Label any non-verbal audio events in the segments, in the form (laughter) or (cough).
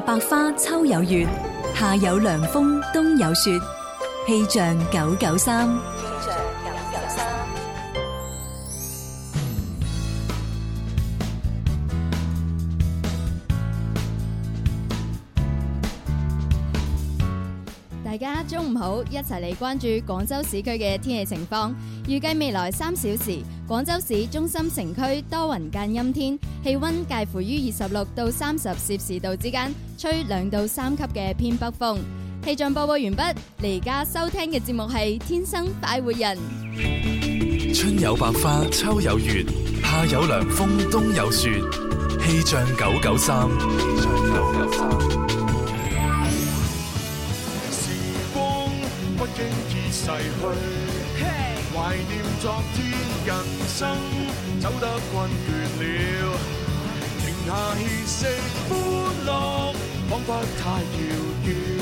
百花秋有月，夏有涼風，冬有雪，氣象九九三。好，一齊嚟關注廣州市區嘅天氣情況。預計未來三小時，廣州市中心城區多雲間陰天，氣温介乎於二十六到三十攝氏度之間，吹兩到三級嘅偏北風。氣象播報完畢，你而家收聽嘅節目係《天生快活人》。春有百花，秋有月，夏有涼風，冬有雪。氣象九九三。經已逝去，懷念昨天人生，走得困倦了，停下氣息。歡樂，彷佛太遙遠，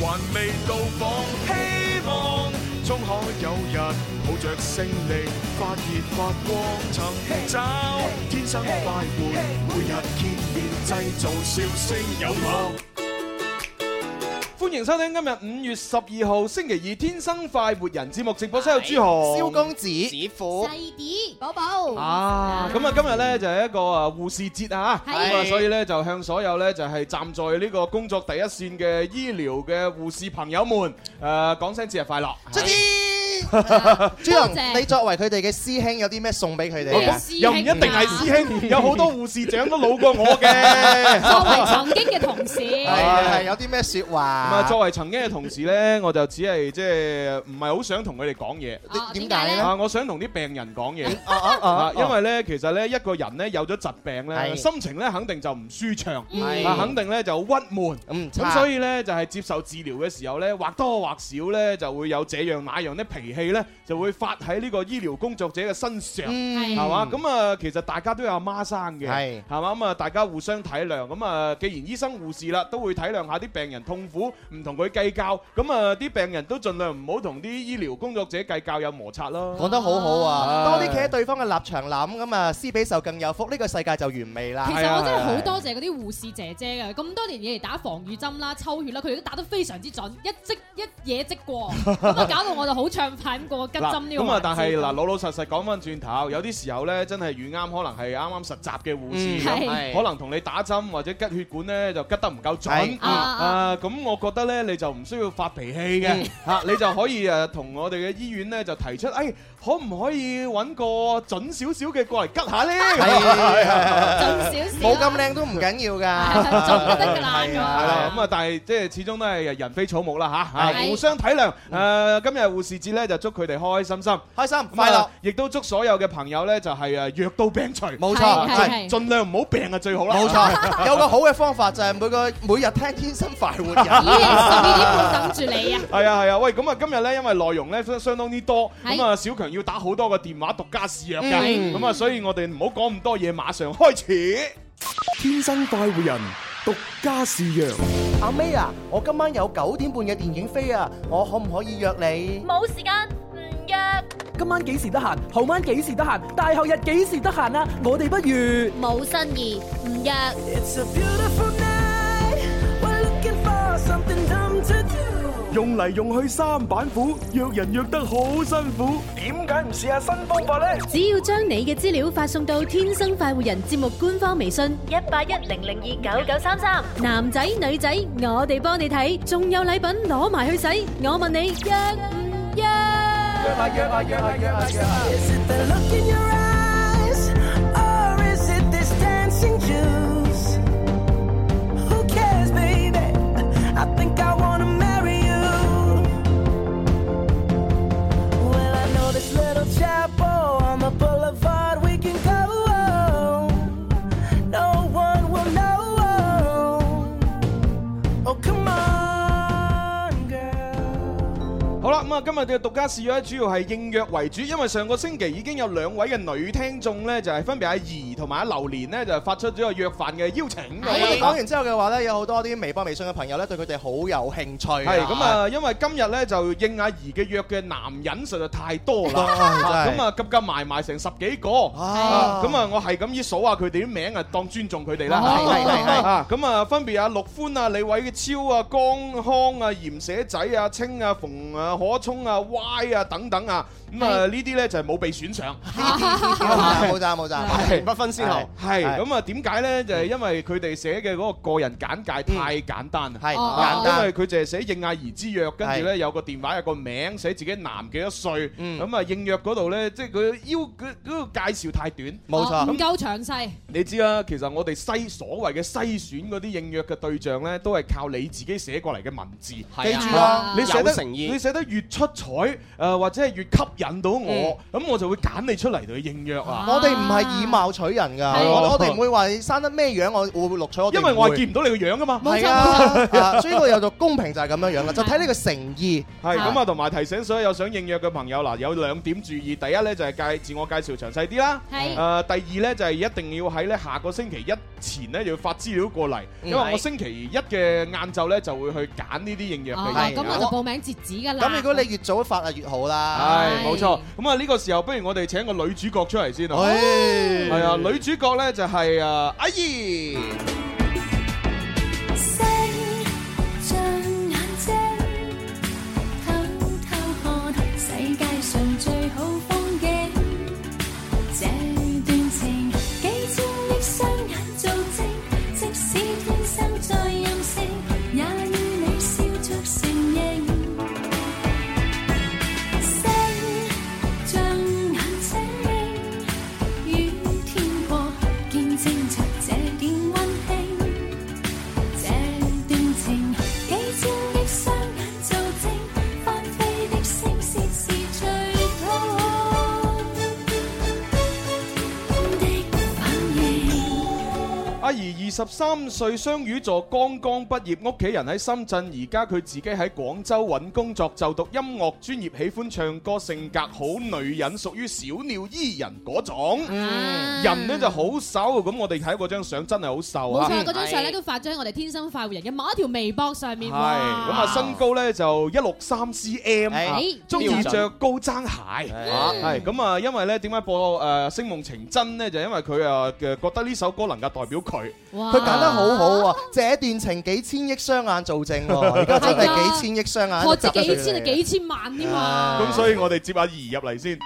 還未到訪，希望終可有日抱着勝利發熱發光，尋找天生快活，每日見面製造笑聲有我。歡迎收聽今日五月十二號星期二《天生快活人》節目直播室是。有朱豪、蕭公子、子父婦、細啲、寶寶啊！咁啊的，今日咧就係一個啊護士節啊吓，咁的啊，所以咧就向所有咧就係站在呢個工作第一線嘅醫療嘅護士朋友們誒，講聲節日快樂 Cheers！朱恒，你作為佢哋嘅師兄，有啲咩送俾佢哋？又唔一定係師兄，有好多護士長都老過我嘅。作為曾經嘅同事，係有啲咩說話？唔係作為曾經嘅同事咧，我就只係即係唔係好想同佢哋講嘢。點解咧？我想同啲病人講嘢。啊啊啊！因為咧，其實咧，一個人咧有咗疾病咧，心情咧肯定就唔舒暢，肯定咧就鬱悶。咁所以咧就係接受治療嘅時候咧，或多或少咧就會有這樣那樣啲評氣咧就會發喺呢個醫療工作者嘅身上，係嘛咁啊？其實大家都有媽，媽生嘅，係嘛咁啊？大家互相體諒，咁啊，既然醫生護士啦，都會體諒下啲病人痛苦，唔同佢計較，咁啊啲病人都盡量唔好同啲醫療工作者計較有摩擦咯。講得好好啊，啊是多啲企喺對方嘅立場諗，咁啊，施比受更有福，呢、呢個世界就完美啦。其實我真係好多謝嗰啲護士姐姐嘅咁是多年以嚟打防疫針啦、啊、抽血啦、啊，佢哋都打得非常之準，一即一嘢即過，咁啊搞到我就好暢。嗱咁啊！但係嗱，老老實實講翻轉頭，有啲時候咧，真係遇啱，可能係啱啱實習嘅護士，咁，可能同你打針或者吉血管咧，就吉得唔夠準啊！咁我覺得咧，你就唔需要發脾氣嘅，吓，你就可以誒同我哋嘅醫院咧就提出，誒可唔可以搵個準少少嘅過嚟吉下咧？係準少少，冇咁靚都唔緊要噶，準得嘅，啦咁啊！咁啊，但係即係始終都係人非草木啦吓，互相體諒誒。今日護士節咧。就祝佢哋開開心心，開心，係啦，亦都祝所有嘅朋友咧，就係誒，藥到病除，冇錯，係盡量唔好病啊，最好啦，冇錯。有個好嘅方法就係每個每日聽天生快活人，十二點半等住你啊！係啊係啊，喂，咁啊今日咧，因為內容咧相相當之多，咁啊小強要打好多個電話獨家試藥嘅，咁啊，所以我哋唔好講咁多嘢，馬上開始，天生快活人。獨家試約，阿 May 啊，我今晚有九點半嘅電影飛啊，我可唔可以約你？冇時間，唔約。今晚幾時得閒？後晚幾時得閒？大後日幾時得閒啊？我哋不如冇新意，唔約。用嚟用去三板斧，約人約得好辛苦，點解唔試下新方法呢？只要將你嘅資料發送到《天生快活人》節目官方微信一八一零零二九九三三，男仔女仔，我哋幫你睇，仲有禮品攞埋去使。我問你約唔約？約啊約啊約啊約啊！今日嘅獨家試約主要係應約為主，因為上個星期已經有兩位嘅女聽眾咧，就係、是、分別阿怡同埋阿榴蓮咧，就發出咗個約飯嘅邀請。我哋講的完之後嘅話呢，有好多啲微博、微信嘅朋友咧，對佢哋好有興趣。係咁啊，因為今日呢，就應阿怡嘅約嘅男人實在太多啦，咁 (laughs) 的啊急急埋埋成十幾個，咁 (laughs) 啊，啊我係咁意數下佢哋啲名啊，當尊重佢哋啦。咁啊分別阿陸寬啊、李偉超啊、江康啊、嚴社仔啊、清啊、馮啊、可。可充啊，歪啊，等等啊。咁啊呢啲咧就係冇被選上，冇錯冇錯，不分先後。係咁啊，點解咧？就係因為佢哋寫嘅嗰個個人簡介太簡單，係因為佢就係寫應阿兒之約，跟住咧有個電話有個名，寫自己男幾多歲。咁啊應約嗰度咧，即係佢要佢嗰個介紹太短，冇錯，唔夠詳細。你知啦，其實我哋篩所謂嘅篩選嗰啲應約嘅對象咧，都係靠你自己寫過嚟嘅文字。記住啦，你寫得誠意，你寫得越出彩，誒或者係越吸引。引到我，咁我就會揀你出嚟同你應約啊！我哋唔係以貌取人噶，我我哋唔會話你生得咩樣，我會唔會錄取我。因為我係見唔到你個樣噶嘛，係啊，所以我有做公平就係咁樣樣啦，就睇你個誠意。係咁啊，同埋提醒所有有想應約嘅朋友啦，有兩點注意，第一咧就係介自我介紹詳細啲啦，係誒，第二咧就係一定要喺咧下個星期一前咧就要發資料過嚟，因為我星期一嘅晏晝咧就會去揀呢啲應約嘅人。咁我就報名截止噶啦。咁如果你越早發啊越好啦，係。冇錯，咁啊呢個時候，不如我哋請個女主角出嚟先好？係啊、哎，女主角呢就係阿姨。啊哎十三歲雙魚座，剛剛畢業，屋企人喺深圳，而家佢自己喺廣州揾工作，就讀音樂專業，喜歡唱歌，性格好女人，屬於人，屬於小鳥依人嗰種人呢就好瘦。咁我哋睇嗰張相真係好瘦啊！冇錯，嗰張相咧都發咗喺我哋天生快活人嘅某一條微博上面。係咁啊，身高呢就一六三 cm，欸，中意文着高踭鞋。係咁啊，嗯，因為呢點解播誒，呃《星夢情真》呢？就因為佢啊嘅覺得呢首歌能夠代表佢。佢揀得好好喎，這段情幾千億雙眼做證喎，而家真係幾千億雙眼。何止幾千啊，幾千萬添嘛！咁所以我哋接阿怡入嚟先。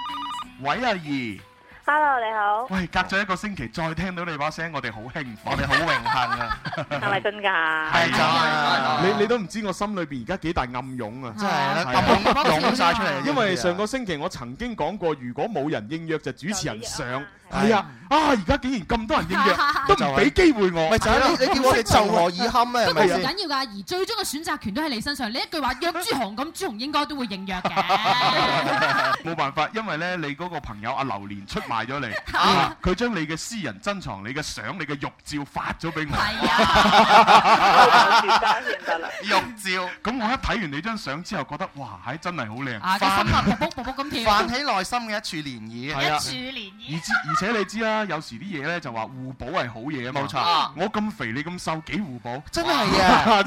喂，阿怡。Hello，你好。喂，隔咗一個星期再聽到你把聲，我哋好興奮，我哋好榮幸啊！係咪真㗎？係真。你你都唔知我心裏邊而家幾大暗湧啊！真係，湧曬出嚟。因為上個星期我曾經講過，如果冇人應約，就主持人上。係啊！啊而家竟然咁多人應約，都唔俾機會我，咪就你叫我哋就何以堪不咩？唔緊要㗎，而最終嘅選擇權都喺你身上。你一句話約朱紅咁，朱紅應該都會應約嘅。冇辦法，因為咧你嗰個朋友阿榴蓮出賣咗你，佢將你嘅私人珍藏、你嘅相、你嘅玉照發咗俾我。係玉照。咁我一睇完你張相之後，覺得哇，真係好靚。啊！心啊，卜卜卜卜咁跳。泛起內心嘅一處漣漪。係一處漣漪。且你知啦，有時啲嘢咧就話互補係好嘢啊！冇錯，我咁肥你咁瘦幾互補？真係啊，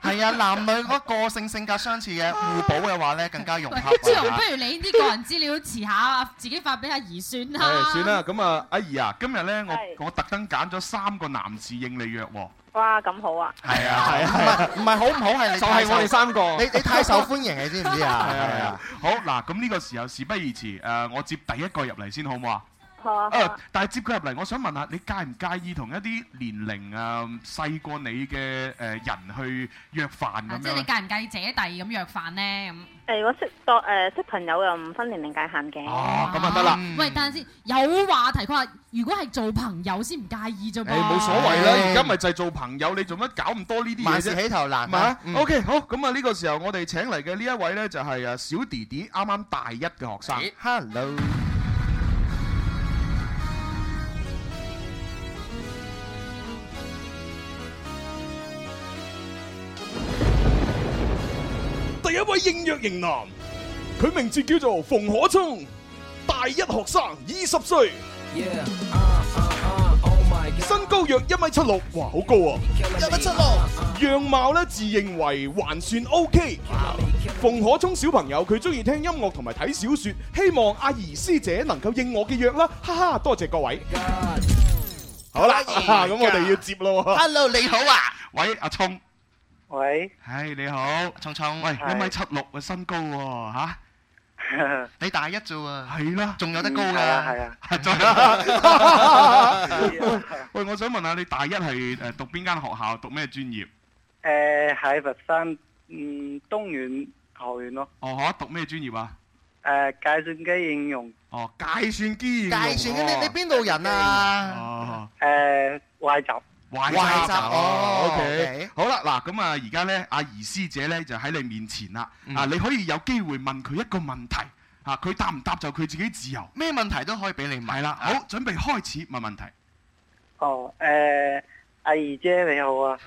係啊，男女嗰個性性格相似嘅互補嘅話咧，更加融合。不如你啲個人資料遲下，自己發俾阿姨算啦。算啦，咁啊，阿姨啊，今日咧我我特登揀咗三個男士應你約喎。哇，咁好啊！係啊係啊，唔係好唔好係你？就係我哋三個，你你太受歡迎，你知唔知啊？係啊係啊，好嗱，咁呢個時候事不宜遲，誒，我接第一個入嚟先好唔好啊？誒、啊，但係接佢入嚟，我想問下你介唔介意同一啲年齡啊細過你嘅誒、呃、人去約飯，咁即係你介唔介意姐弟咁約飯呢？咁誒、啊，我、啊、識當誒、啊、識朋友又唔分年齡界限嘅。哦、啊，咁啊得啦、嗯。喂，等陣先，有話題佢話，如果係做朋友先唔介意啫喎。誒、欸，冇所謂啦，而家咪就係做朋友，你做乜搞咁多呢啲？嘢事？萬事起頭難、啊啊嗯、OK，好，咁啊呢個時候我哋請嚟嘅呢一位咧就係誒小弟弟，啱啱大一嘅學生。Hey. Hello。應約型男，佢名字叫做馮可聰，大一學生，二十歲，yeah, uh, uh, oh、身高約一米七六，哇，好高啊，一米七六，樣貌咧自認為還算 OK。馮、uh, uh, 可聰小朋友，佢中意聽音樂同埋睇小說，希望阿儀師姐能夠應我嘅約啦，哈哈，多謝各位。My God. 好啦，咁我哋要接咯。Hello，你好啊，喂，阿聰。喂，唉你好，聰聰，喂一米七六嘅身高喎，吓，你大一咋啊，係啦，仲有得高噶，係啊，係啊，喂，我想問下你大一係誒讀邊間學校，讀咩專業？誒喺佛山嗯東軟學院咯，哦，吓，讀咩專業啊？誒，計算機應用。哦，計算機，計算機，你你邊度人啊？誒，惠州。壞習慣，OK。好啦，嗱咁啊，而家咧，阿怡師姐咧就喺你面前啦。啊，你可以有機會問佢一個問題，嚇佢答唔答就佢自己自由，咩問題都可以俾你問。係啦，好，準備開始問問題。哦，誒，阿怡姐你好啊。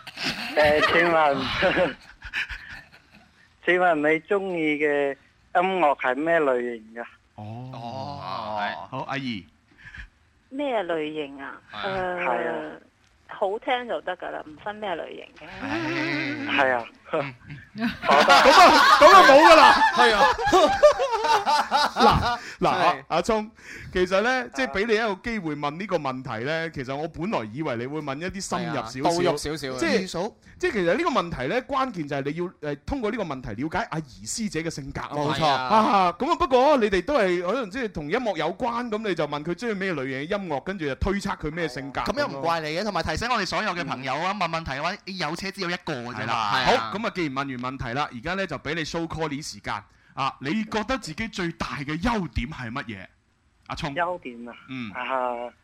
誒，請問請問你中意嘅音樂係咩類型噶？哦，好，阿怡。咩類型啊？誒，係啊。好聽就得㗎啦，唔分咩類型嘅，係、嗯、啊。咁啊，咁啊冇噶啦，係啊。嗱嗱阿阿聰，其實咧即係俾你一個機會問呢個問題咧，其實我本來以為你會問一啲深入少少、深入少少，即係即係其實呢個問題咧關鍵就係你要誒通過呢個問題了解阿儀師姐嘅性格啊。冇錯啊，咁啊不過你哋都係可能即係同音樂有關，咁你就問佢中意咩類型嘅音樂，跟住就推測佢咩性格。咁又唔怪你嘅，同埋提醒我哋所有嘅朋友啊，問問題嘅話，有車只有一個嘅啫啦。好咁。咁啊、嗯！既然問完問題啦，而家咧就俾你 show call 呢時間啊！你覺得自己最大嘅優點係乜嘢？阿聰優點、嗯、啊，嗯嚇，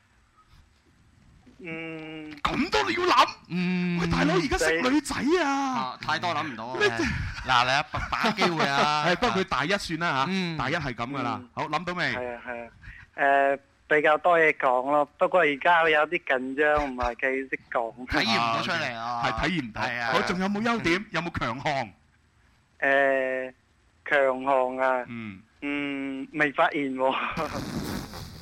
嗯咁多你要諗，嗯喂，大佬而家識女仔啊，對啊太多諗唔到啊！嗱、嗯，你啊，白你 (laughs) 打機會啊，不過佢大一算啦嚇、嗯啊，大一係咁噶啦。好，諗到未？係啊，係啊，誒。比較多嘢講咯，不過而家有啲緊張，唔係幾識講。體驗唔到出嚟啊，係體驗唔到。我仲有冇優點？有冇強項？誒，強項啊？嗯。嗯，未發現喎。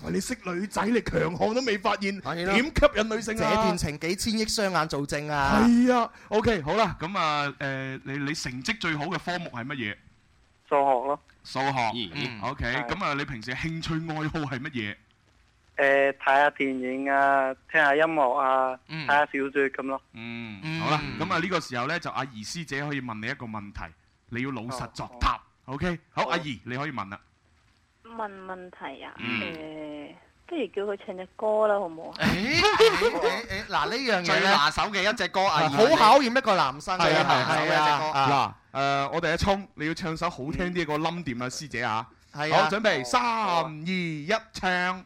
你識女仔，你強項都未發現，點吸引女性啊？呢段情幾千億雙眼做證啊！係啊，OK，好啦，咁啊，誒，你你成績最好嘅科目係乜嘢？數學咯。數學。嗯。OK，咁啊，你平時興趣愛好係乜嘢？誒，睇下電影啊，聽下音樂啊，睇下小說咁咯。嗯，好啦，咁啊呢個時候咧，就阿儀師姐可以問你一個問題，你要老實作答。OK，好，阿儀你可以問啦。問問題啊？誒，不如叫佢唱隻歌啦，好唔好啊？誒誒誒，嗱呢樣嘢咧，最拿手嘅一隻歌啊，好考驗一個男生。係啊係啊，嗱，誒我哋阿聰，你要唱首好聽啲嘅歌，冧點啊師姐啊？係啊。好，準備三二一，唱。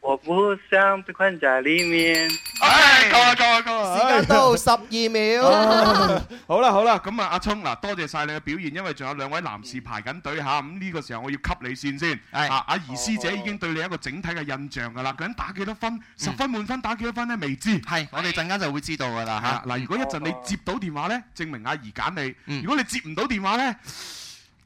我不想被困在裏面。唉 Hey,，夠啦夠啦夠啦！時間到十二秒。Oh, (laughs) 好啦好啦，咁啊阿聰嗱，多謝晒你嘅表現，因為仲有兩位男士排緊隊吓，咁呢、嗯啊這個時候我要吸你線先。係、嗯啊、阿儀師姐已經對你一個整體嘅印象噶啦，究竟打幾多分？嗯、十分滿分打幾多分呢？未知。係是，我哋陣間就會知道噶啦吓。嗱、啊，嗯啊、如果一陣你接到電話咧，證明阿儀揀你；如果你接唔到電話咧。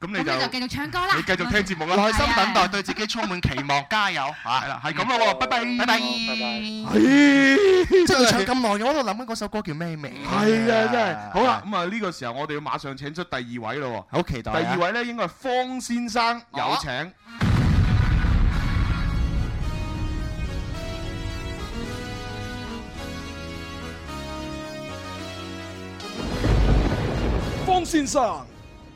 咁你就繼續唱歌啦，你繼續聽節目啦，耐心等待，對自己充滿期望，加油嚇！係啦，係咁咯喎，拜拜，拜拜，拜拜。真係唱咁耐嘅，我喺度諗緊嗰首歌叫咩名？係啊，真係。好啦，咁啊呢個時候我哋要馬上請出第二位咯喎，好期待。第二位咧應該係方先生，有請。方先生。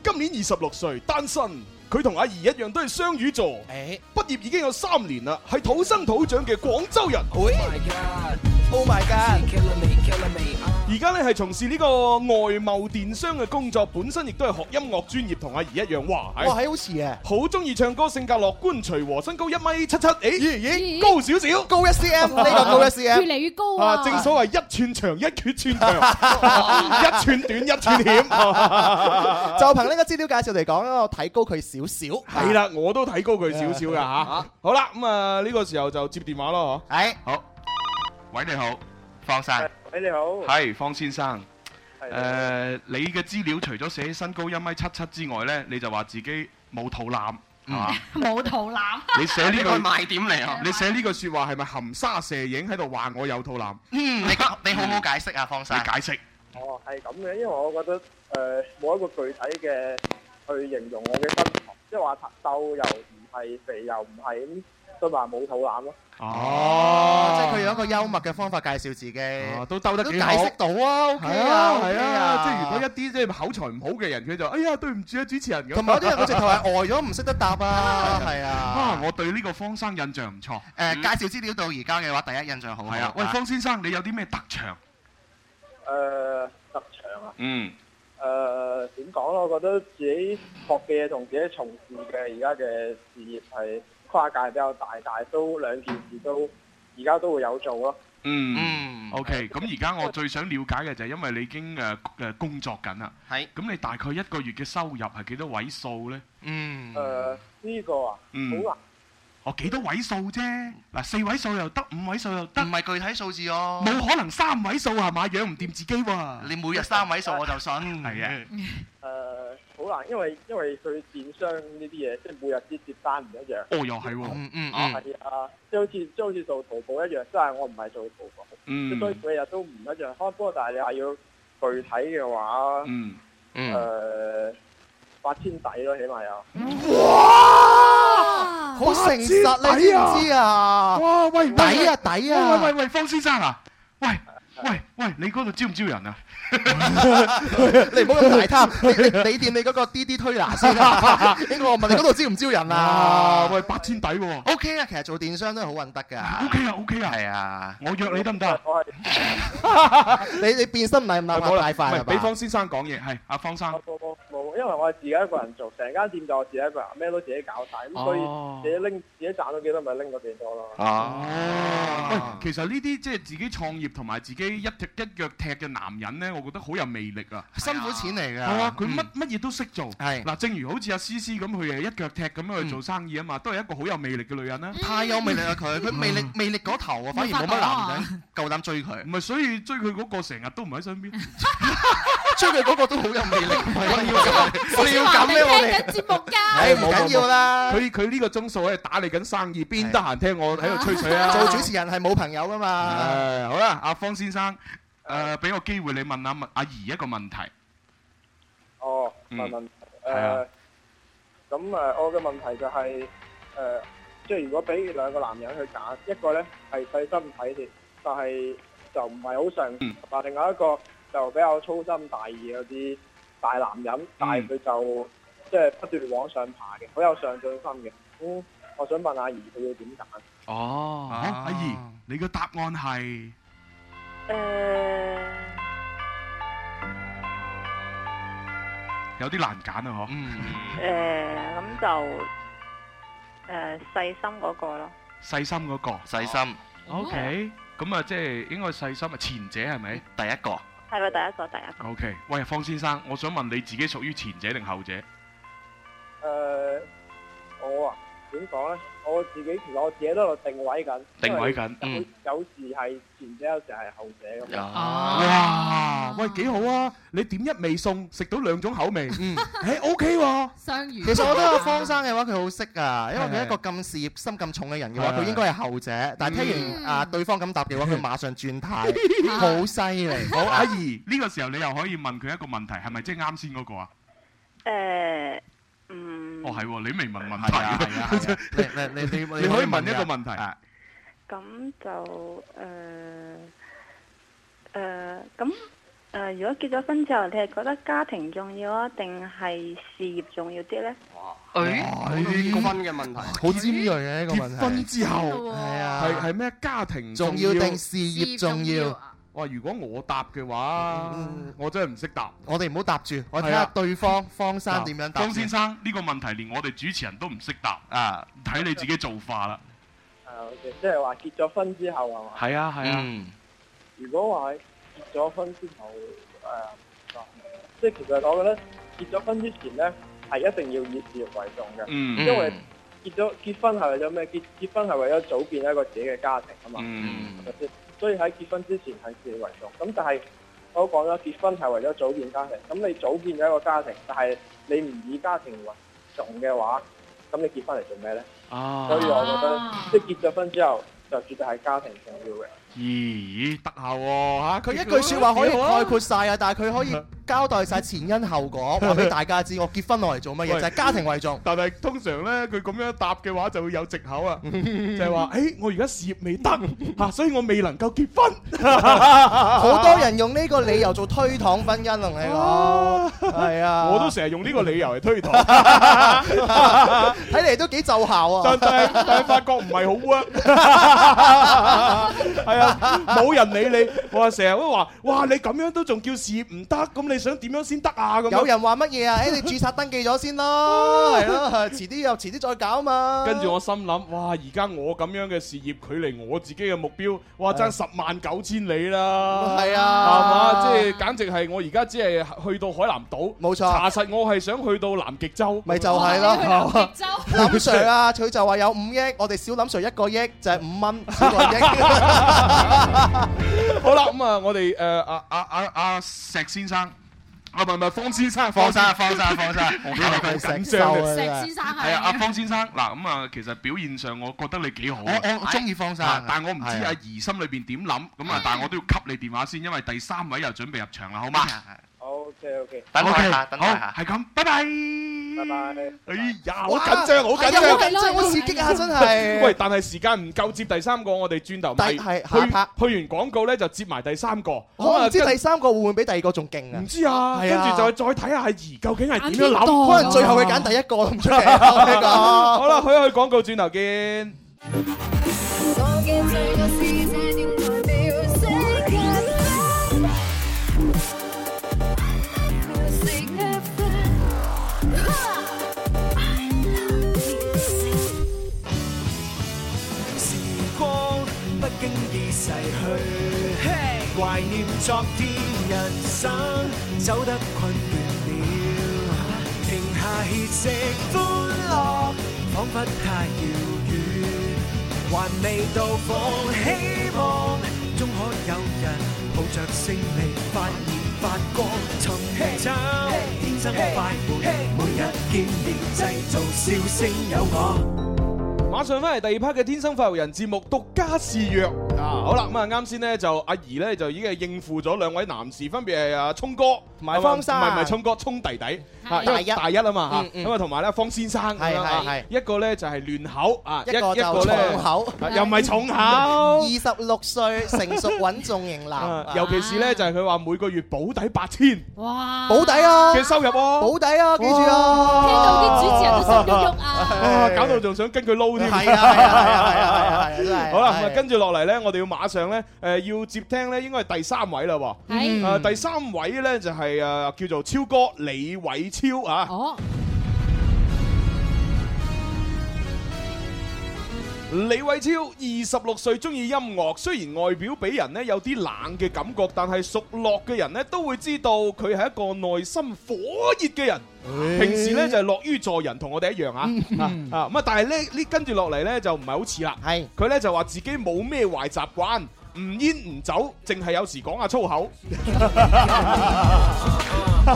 今年二十六歲，單身，佢同阿姨一樣都係雙魚座。欸、畢業已經有三年啦，係土生土長嘅廣州人。而家咧係從事呢個外貿電商嘅工作，本身亦都係學音樂專業，同阿姨一樣。哇，哇，係好似嘅，好中意唱歌，性格樂觀隨和，身高一米七七，誒，咦咦，高少少，高一 cm，呢個高一 cm，越嚟越高啊！正所謂一寸長一寸強，一寸短一寸險。就憑呢個資料介紹嚟講，我睇高佢少少。係啦，我都睇高佢少少噶吓。好啦，咁啊呢個時候就接電話咯，係。好，喂，你好。方生，你好，係方先生。誒、hey，你嘅資料除咗寫身高一米七七之外呢，你就話自己冇肚腩，啊、嗯，冇肚腩。 (laughs) 你寫呢、呢個 (laughs) 賣點嚟啊！你寫呢句説話係咪含沙射影喺度話我有肚腩？嗯，你你好唔好解釋啊，方生？你解釋。哦，係咁嘅，因為我覺得誒冇、呃、一個具體嘅去形容我嘅身材，即係話瘦又唔係肥又唔係都話，冇肚腩咯！哦，即係佢用一個幽默嘅方法介紹自己，都兜得，都解釋到啊，OK 啊，係啊，即係如果一啲即係口才唔好嘅人，佢就哎呀，對唔住啊，主持人咁，同埋有啲人佢直頭係呆咗，唔識得答啊，係啊。啊，我對呢個方生印象唔錯。誒，介紹資料到而家嘅話，第一印象好係啊。喂，方先生，你有啲咩特長？誒，特長啊？嗯。誒，點講咯？我覺得自己學嘅嘢同自己從事嘅而家嘅事業係。跨界比較大，但係都兩件事都而家都會有做咯。嗯，OK。咁而家我最想了解嘅就係因為你已經誒誒工作緊啦。係。咁你大概一個月嘅收入係幾多位數咧？嗯。誒呢個啊，好啊。哦，幾多位數啫？嗱，四位數又得，五位數又得。唔係具體數字哦。冇可能三位數啊嘛，養唔掂自己喎。你每日三位數我就信。係啊。誒。好難，因為因為佢電商呢啲嘢，即係每日啲接單唔一樣。哦，又係喎，哦， (laughs) 嗯嗯，係啊，即係好似即係好似做淘寶一樣，即係我唔係做淘寶，即係每日都唔一樣。開波，但係你係要具體嘅話，嗯，誒，八千底咯，起碼有。哇！好誠實啊，你知唔知啊？哇！喂，底啊底啊！喂喂喂，喂，方先生啊！喂喂，你嗰度招唔招人啊？你唔好咁大貪，你掂你嗰個滴滴推拿先。呢我問你嗰度招唔招人啊？喂，八千底喎。O K 啊，其實做電商都係好揾得噶。O K 啊，O K 啊。係啊。我約你得唔得？你你變身唔係唔係好快係吧？唔係，方先生講嘢係阿方生。冇，因為我係自己一個人做，成間店就我自己一個人，咩都自己搞晒，咁所以自己拎自己賺到幾多咪拎個地方咯。哦。喂，其實呢啲即係自己創業同埋自己。一踢一腳踢嘅男人咧，我覺得好有魅力啊！辛苦錢嚟嘅，佢乜乜嘢都識做。係嗱，正如好似阿思思咁，佢一腳踢咁樣去做生意啊嘛，都係一個好有魅力嘅女人啦。太有魅力啊，佢，佢魅力魅力過頭啊，反而冇乜男人夠膽追佢。唔係，所以追佢嗰個成日都唔喺身邊。追佢嗰個都好有魅力，唔要嘅。你要咁咩我哋？節目㗎，誒唔緊要啦。佢佢呢個鐘數喺度打理緊生意，邊得閒聽我喺度吹水啊？做主持人係冇朋友噶嘛。係好啦，阿方先生。生誒，俾個機會你問下阿阿儀一個問題。哦，mm. 問問誒，咁、uh, 誒、啊，我嘅問題就係、是、誒，即、uh, 係如果俾兩個男人去揀，一個咧係細心體貼，但係就唔係好上進，但另外一個就比較粗心大意嗰啲大男人，但係佢就、mm. 即係不斷往上爬嘅，好有上進心嘅。咁我想問阿儀，佢要點揀？哦、oh, 啊啊，阿儀，你嘅答案係？誒，有啲難揀啊，嗬。嗯。誒，咁就誒細心嗰個咯。細心嗰個，細心。OK，咁啊，即係應該細心啊，前者係咪第一個？係咪第一個？第一個。OK，喂，方先生，我想問你自己屬於前者定後者？誒，我啊。點講咧？我自己其實我自己都喺度定位緊，定位緊。嗯，有時係前者，有時係後者咁樣。啊，哇，喂幾好啊？你點一味送食到兩種口味，嗯，誒，O K 生相其實我覺得方生嘅話，佢好識啊，因為佢一個咁事業心咁重嘅人嘅話，佢應該係後者。但係聽完啊對方咁答嘅話，佢馬上轉態，好犀利。好，阿怡呢個時候你又可以問佢一個問題，係咪即係啱先嗰個啊？誒。嗯，哦係，你未問問題，你你你你你可以問一個問題，咁就誒誒，咁誒如果結咗婚之後，你係覺得家庭重要啊，定係事業重要啲咧？哦，誒，好難嘅問題，好尖銳嘅一個問題，結婚之後係啊，係係咩家庭重要定事業重要？哇！如果我答嘅話，嗯、我真係唔識答。我哋唔好答住，我睇下、啊、對方方生點樣答。張先生呢、這個問題連我哋主持人都唔識答啊！睇你自己造化啦。啊，即係話結咗婚之後係嘛？係啊，係啊。嗯、如果話結咗婚之後誒，即係其實我覺得結咗婚之前咧係一定要以事業為重嘅。嗯、因為結咗結婚係為咗咩？結結婚係為咗組建一個自己嘅家庭啊嘛。嗯。嗯所以喺結婚之前係自己為重，咁但係我都講咗，結婚係為咗組建家庭。咁你組建咗一個家庭，但係你唔以家庭為重嘅話，咁你結婚嚟做咩呢？啊！所以我覺得，即係結咗婚之後，就絕對係家庭重要嘅。咦、啊啊欸！得嚇喎，佢一句説話可以概括晒啊，但係佢可以。交代曬前因後果，話俾大家知我結婚落嚟做乜嘢，就係家庭為重。但係通常咧，佢咁樣答嘅話就會有藉口啊，就係話：，誒，我而家事業未得嚇，所以我未能夠結婚。好多人用呢個理由做推搪婚姻，同你講係啊，我都成日用呢個理由嚟推搪。睇嚟都幾奏效啊，但係但係發覺唔係好 work，係啊，冇人理你。我話成日都話：，哇，你咁樣都仲叫事業唔得？咁你想點樣先得啊？咁有人話乜嘢啊？誒，你註冊登記咗先咯，係咯，遲啲又遲啲再搞嘛。跟住我心諗，哇！而家我咁樣嘅事業距離我自己嘅目標，哇，爭十萬九千里啦！係啊，係嘛？即係簡直係我而家只係去到海南島，冇錯。查實我係想去到南極洲，咪就係咯。南極洲，林 Sir 啊，佢就話有五億，我哋小林 Sir 一個億就係五蚊，少一個億。好啦，咁啊，我哋誒阿阿阿阿石先生。啊，唔係唔係，方先生，方生啊，方生，方生，我比較緊張啊，真係。係啊，阿方先生，嗱咁啊，其實表現上我覺得你幾好，我我中意方生，但係我唔知阿怡心裏邊點諗，咁啊，但係我都要給你電話先，因為第三位又準備入場啦，好嗎？好，OK OK，等下等下，好係咁，拜拜。哎呀！好緊張，好緊張，好緊張，真係好刺激啊！真係。喂，但係時間唔夠接第三個，我哋轉頭係去去完廣告咧，就接埋第三個。可能唔知第三個會唔會比第二個仲勁啊？唔知啊，跟住就再睇下阿怡究竟係點樣諗。可能最後佢揀第一個。好啦，好啦，好啦，好啦，去去廣告，轉頭見。懷念昨天，人生走得困倦了，停下歇息，歡樂彷彿太遙遠，還未到訪，希望終可有人抱着勝利發現發光。尋找天生快活，每日見面製造笑聲有，有我。馬上翻嚟第二 part 嘅《天生快活人》節目，獨家試約。啊，好啦，咁啊，啱先咧就阿儀咧就已經係應付咗兩位男士，分別係阿聰哥同埋方生，唔係唔係聰哥聰弟弟，係大一啊嘛吓，咁啊同埋咧方先生，係係係，一個咧就係嫩口啊，一個就重口，又唔係重口，二十六歲成熟穩重型男，尤其是咧就係佢話每個月保底八千，哇，保底啊，嘅收入，保底啊，記住啊，聽到啲主持人都心喐喐啊，搞到仲想跟佢撈。係啊係啊係啊係，好啦，咁啊跟住落嚟咧，我哋要馬上咧，誒、呃、要接聽咧，應該係第三位啦，誒、呃的啊、第三位咧就係、是、誒、呃、叫做超哥李偉超啊。哦李偉超二十六歲，中意音樂。雖然外表俾人咧有啲冷嘅感覺，但係熟絡嘅人咧都會知道佢係一個內心火熱嘅人。欸、平時咧就係樂於助人，同我哋一樣啊啊！咁、嗯、啊，但係咧呢跟住落嚟呢就唔係好似啦。係佢是呢就話自己冇咩壞習慣，唔煙唔酒，淨係有時講下粗口。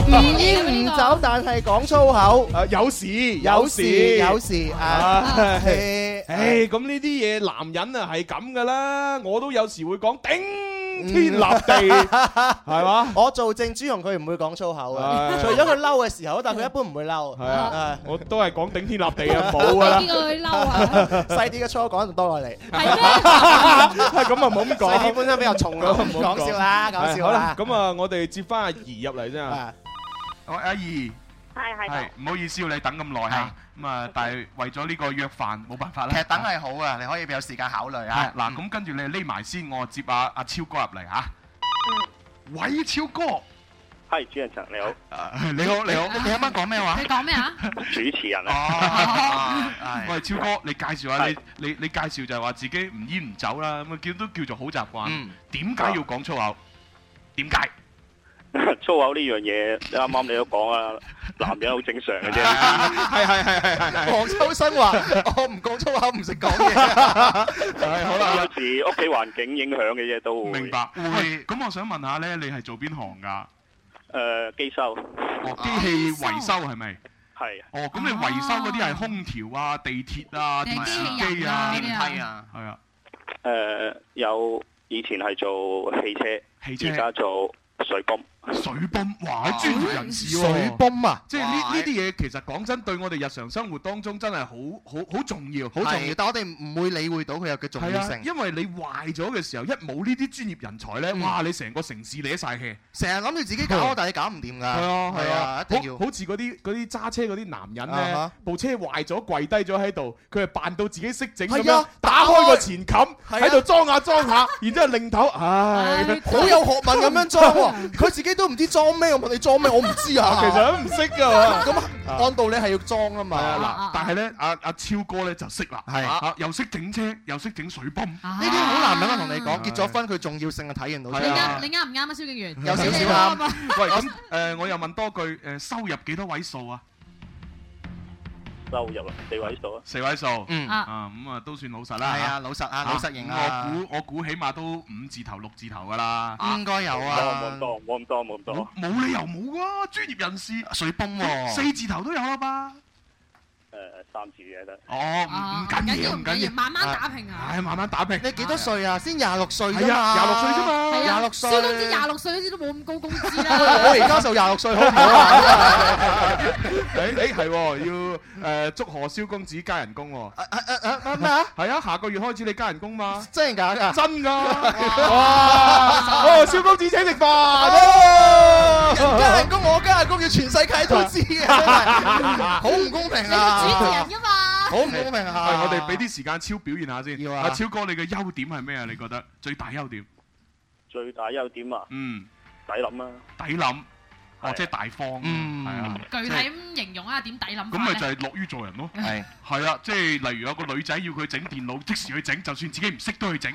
唔煙唔酒，但係講粗口。誒、啊，有時，有時，有時，係。誒，咁呢啲嘢男人啊係咁噶啦，我都有時會講頂天立地，係嘛？我做正主，用佢唔會講粗口啊。除咗佢嬲嘅時候，但係佢一般唔會嬲。係啊，我都係講頂天立地啊，冇啊。邊個嬲啊？細啲嘅粗口講就多過你，係啊，咁啊，冇咁講。細啲本身比較重咯，講笑啦，講笑啦。咁啊，我哋接翻阿怡入嚟啫！啊。我阿怡。係係，唔好意思要你等咁耐啊！咁啊，但係為咗呢個約飯，冇辦法啦。其實等係好啊，你可以有時間考慮啊。嗱，咁跟住你匿埋先，我接阿阿超哥入嚟吓。喂，超哥，係主持人你好，你好你好，咁你啱啱講咩話？你講咩啊？主持人啊！喂，超哥，你介紹下你你你介紹就係話自己唔煙唔酒啦，咁叫都叫做好習慣。點解要講粗口？點解？粗口呢樣嘢啱啱你都講啊，男人好正常嘅啫。係係係係係，黃秋生話：我唔講粗口唔識講嘢。係、 (laughs) (laughs) 嗯、好啦、啊，有時屋企環境影響嘅嘢都會。明白會。咁我想問下咧，你係做邊行噶？誒、呃，機、哦、修，機器維修係咪？係、啊。哦，咁你維修嗰啲係空調啊、地鐵啊、電、啊啊啊、梯啊、電梯啊、電啊、嗯，係啊。誒，有以前係做汽車，而家汽車 做水工。水泵壞，專業人士。水泵啊，即係呢呢啲嘢其實講真，對我哋日常生活當中真係好好好重要，好重要。但我哋唔會理會到佢有嘅重要性，因為你壞咗嘅時候，一冇呢啲專業人才咧，哇！你成個城市你攣晒氣，成日諗住自己搞，但係你搞唔掂㗎。係啊，係啊，一定要。好似嗰啲嗰啲揸車嗰啲男人啊，部車壞咗跪低咗喺度，佢係扮到自己識整咁樣，打開個前冚，喺度裝下裝下，然之後擰頭，唉，好有學問咁樣裝。佢自己。你都唔知裝咩，我問你裝咩，我唔知啊，其實都唔識噶。咁按道理係要裝啊嘛。嗱，但係咧，阿阿超哥咧就識啦，係又識整車，又識整水泵。呢啲好難，我同你講，結咗婚佢重要性嘅體現到你啱唔啱啊？蕭敬元有少少啱。喂，咁誒，我又問多句，誒，收入幾多位數啊？收入、嗯、啊，四位數啊，四位數，嗯啊，咁啊都算老實啦，係啊、哎，老實啊，老實型啊，嗯、我估我估起碼都五字頭六字頭噶啦，應該有啊，冇咁多，冇咁多，冇咁多，冇理由冇嘅、啊，專業人士，水崩、啊，四字頭都有啊，吧。誒，三次嘅得哦，唔唔緊要，唔緊要，慢慢打拼啊！哎，慢慢打拼。你幾多歲啊？先廿六歲，係啊，廿六歲啫嘛，廿六歲。蕭公子廿六歲嗰時都冇咁高工資啦。我而家就廿六歲好唔好啊？誒誒，係要誒祝賀蕭公子加人工哦！誒誒咩啊？係啊，下個月開始你加人工嘛？真噶真噶！真噶！哇！哦，蕭公子請食飯。加人工我加人工，要全世界都知啊！好唔公平啊！呢個人啊嘛，我唔明啊！我哋俾啲時間超表現下先。阿、啊、超哥，你嘅優點係咩啊？你覺得最大優點？最大優點啊！嗯，抵諗啊！抵諗。哦，即係大方。嗯，具體咁形容啊，點抵諗？咁咪就係樂於助人咯。係係啊，即係例如有個女仔要佢整電腦，即時去整，就算自己唔識都去整。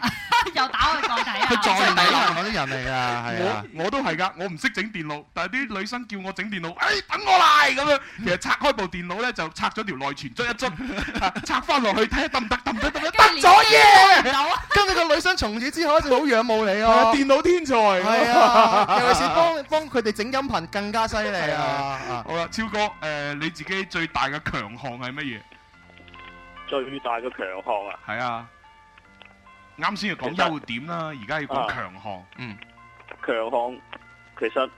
又打開個底啊！佢撞你啊！撞啲人嚟噶，係啊！我都係㗎，我唔識整電腦，但係啲女生叫我整電腦，哎，等我嚟咁樣。其實拆開部電腦咧，就拆咗條內存樽一樽，拆翻落去睇下得唔得，得唔得，得咗耶！跟住個女生從此之後就好仰慕你咯，電腦天才。係啊，尤其是幫幫佢哋整音頻。更加犀利啊！好啦、啊，超哥，誒、呃，你自己最大嘅強項係乜嘢？最大嘅強項啊？係啊，啱先要講優點啦，而家要講強項。嗯，強項，其實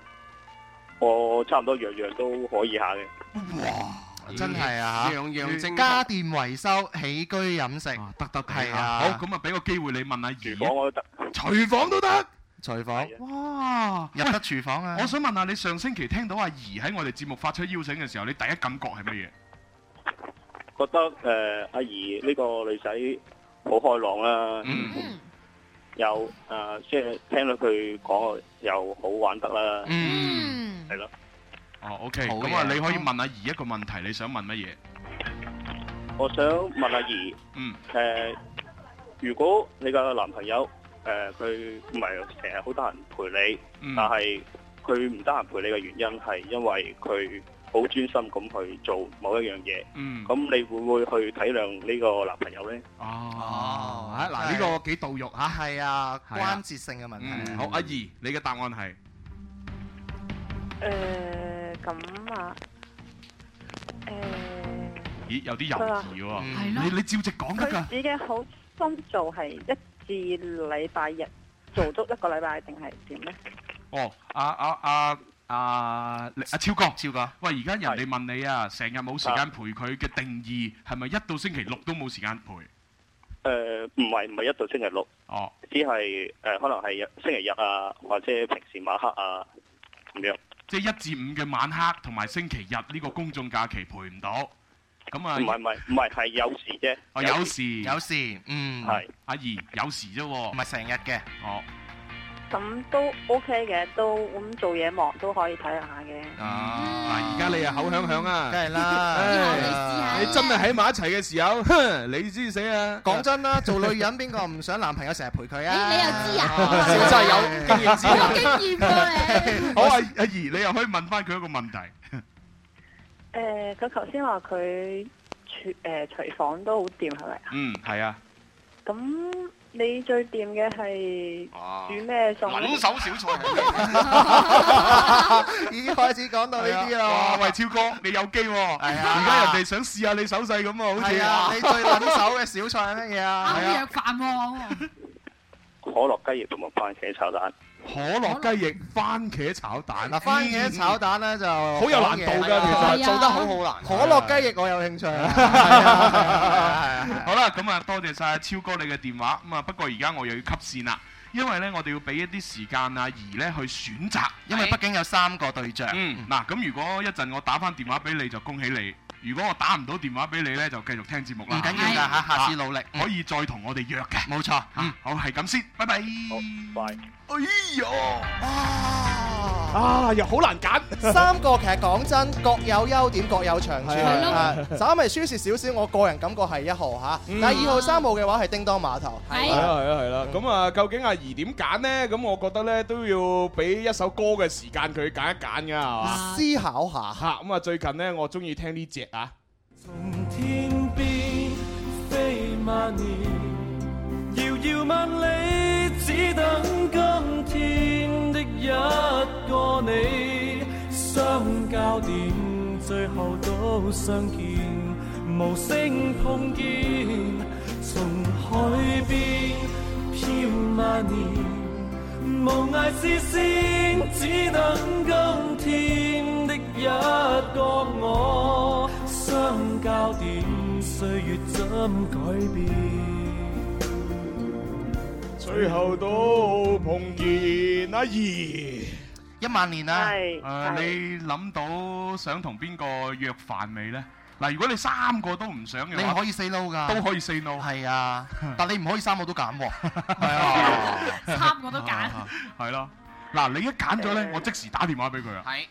我差唔多樣樣都可以下嘅。哇，嗯、真係啊！樣樣精，家電維修、起居飲食、啊，得得係啊。好，咁啊，俾個機會你問下二、啊。廚房我都得，廚房都得。廚房的哇入得廚房啊！喂我想問下你，上星期聽到阿姨喺我哋節目發出邀請嘅時候，你第一感覺係乜嘢？覺得誒、呃，阿姨呢個女仔好開朗啦，嗯、又誒，即、呃、係聽到佢講又好玩得啦，係咯。哦，OK，咁啊，你可以問阿姨一個問題，你想問乜嘢？我想問阿姨，嗯，誒、呃，如果你嘅男朋友？誒佢唔係成日好得閒陪你，但係佢唔得閒陪你嘅原因係因為佢好專心咁去做某一樣嘢。咁你會唔會去體諒呢個男朋友咧？哦，啊嗱，呢個幾道肉嚇，係啊，關節性嘅問題。好，阿姨，你嘅答案係誒咁啊？誒，咦，有啲幼稚喎！你你照直講得㗎。佢自己嘅好心做係一。至禮拜日做足一個禮拜定係點呢？哦，阿阿阿阿阿超哥，超哥，超哥喂！而家人哋問你啊，成日冇時間陪佢嘅定義係咪一到星期六都冇時間陪？誒唔係唔係一到星期六，哦，只係誒、呃、可能係星期日啊，或者平時晚黑啊咁樣。即係一至五嘅晚黑同埋星期日呢個公眾假期陪唔到。咁啊，唔係唔係，唔係係有時啫，哦有時有時，嗯係，阿姨有時啫喎，唔係成日嘅，哦，咁都 OK 嘅，都咁做嘢忙都可以睇下嘅，啊，而家你又口響響啊，梗係啦，你真係喺埋一齊嘅時候，哼，你先死啊，講真啦，做女人邊個唔想男朋友成日陪佢啊？你你又知啊？真係有經驗，有經驗嘅，好啊，阿姨你又可以問翻佢一個問題。誒，佢頭先話佢廚誒廚房都好掂係咪啊？哇嗯，係啊。咁你最掂嘅係煮咩餸？拿手小菜， (laughs) (laughs) 已經開始講到呢啲啦。喂，超哥，你有機喎、哦，而、啊、家人哋想試下你手勢咁是啊，好 (laughs) 似。啊。你最拿手嘅小菜係乜嘢啊？鴨肉飯、可樂雞翼同埋番茄炒蛋。 (laughs) (laughs) 可樂雞翼、番茄炒蛋。嗱，番茄炒蛋咧就好有難度噶，其實做得好好難。可樂雞翼我有興趣。係啊，好啦，咁啊多謝晒超哥你嘅電話。咁啊，不過而家我又要 cut 線啦，因為咧我哋要俾一啲時間啊怡咧去選擇，因為畢竟有三個對象。嗯，嗱，咁如果一陣我打翻電話俾你就恭喜你，如果我打唔到電話俾你咧就繼續聽節目啦。唔緊要噶吓，下次努力可以再同我哋約嘅。冇錯，嗯，好係咁先，拜拜。好，拜。哎呀，啊啊又好難揀，三個其實講真各有優點各有長處，係咯，稍微舒適少少，我個人感覺係一號吓，但係二號三號嘅話係叮噹碼頭，係啊係啊係啦，咁啊究竟阿怡點揀呢？咁我覺得咧都要俾一首歌嘅時間佢揀一揀噶係嘛，思考下吓，咁啊最近呢，我中意聽呢隻啊，從天邊飛萬年，遙遙萬里。只等今天的一個你，相交點，最後都相見，無聲碰見，從海邊飄萬年，無涯視線，只等今天的一個我，相交點，歲月怎改變？最後都碰見阿姨。一萬年啦。誒，你諗到想同邊個約飯未咧？嗱，如果你三個都唔想嘅，你可以 say no 噶，都可以 say no。係啊，但你唔可以三個都揀。係啊，三個都揀。係咯，嗱，你一揀咗咧，我即時打電話俾佢啊，係，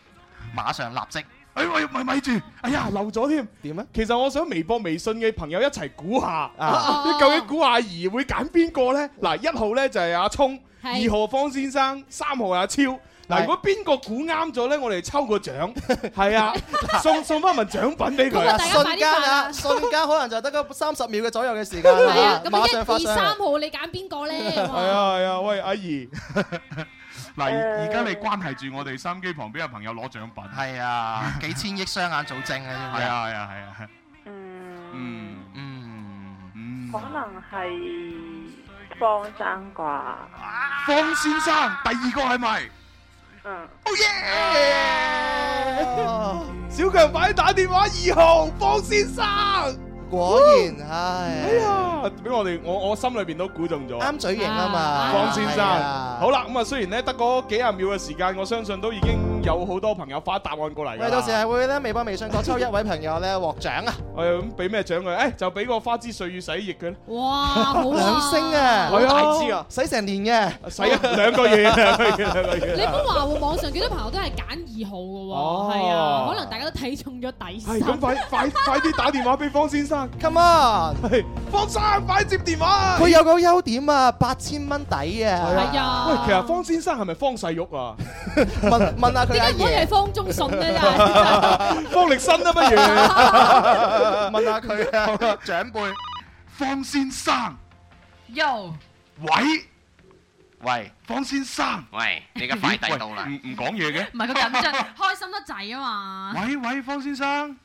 馬上立即。哎呀，咪咪住！哎呀，漏咗添。點咧？其實我想微博、微信嘅朋友一齊估下，你究竟估阿儀會揀邊個咧？嗱，一號咧就係阿聰，二號方先生，三號阿超。嗱，如果邊個估啱咗咧，我哋抽個獎，係啊，送送翻份獎品俾佢。大家快啲快啦，瞬間啊，瞬間可能就得三十秒嘅左右嘅時間，係啊，咁上。一、二、三號，你揀邊個咧？係啊係啊，喂，阿儀。嗱，而家你關係住我哋收音機旁邊嘅朋友攞獎品，係啊， (laughs) 幾千億雙眼組精啊。啫嘛，係啊係啊係啊，嗯嗯、啊、嗯，嗯嗯可能係方生啩、啊，方先生第二個係咪？嗯，哦耶、oh yeah! 啊！小強快啲打電話二號，方先生。果然係，哎呀，俾我哋，我我心裏邊都估中咗，啱嘴型啊嘛，方先生。好啦，咁啊，雖然咧得嗰幾十秒嘅時間，我相信都已經有好多朋友發答案過嚟。喂，到時係會咧微博、微信各抽一位朋友咧獲獎啊！我咁俾咩獎佢？誒，就俾個花枝歲月洗液嘅。哇，好啊！兩星啊，係啊，大支啊，洗成年嘅，洗兩個月啊，兩個月。你咁話喎？網上幾多朋友都係揀二號嘅喎，係啊，可能大家都睇中咗底。係咁，快快快啲打電話俾方先生。Come on，方生快接電話。佢有個優點啊，八千蚊抵啊。係啊。喂，其實方先生係咪方世玉啊？問問下佢。點解可以係方中信咧？方力申都不如。問下佢，長輩方先生。Yo，喂喂，方先生，喂，你嘅快遞到啦，唔唔講嘢嘅。唔係個忍俊，開心得滯啊嘛。喂喂，方先生。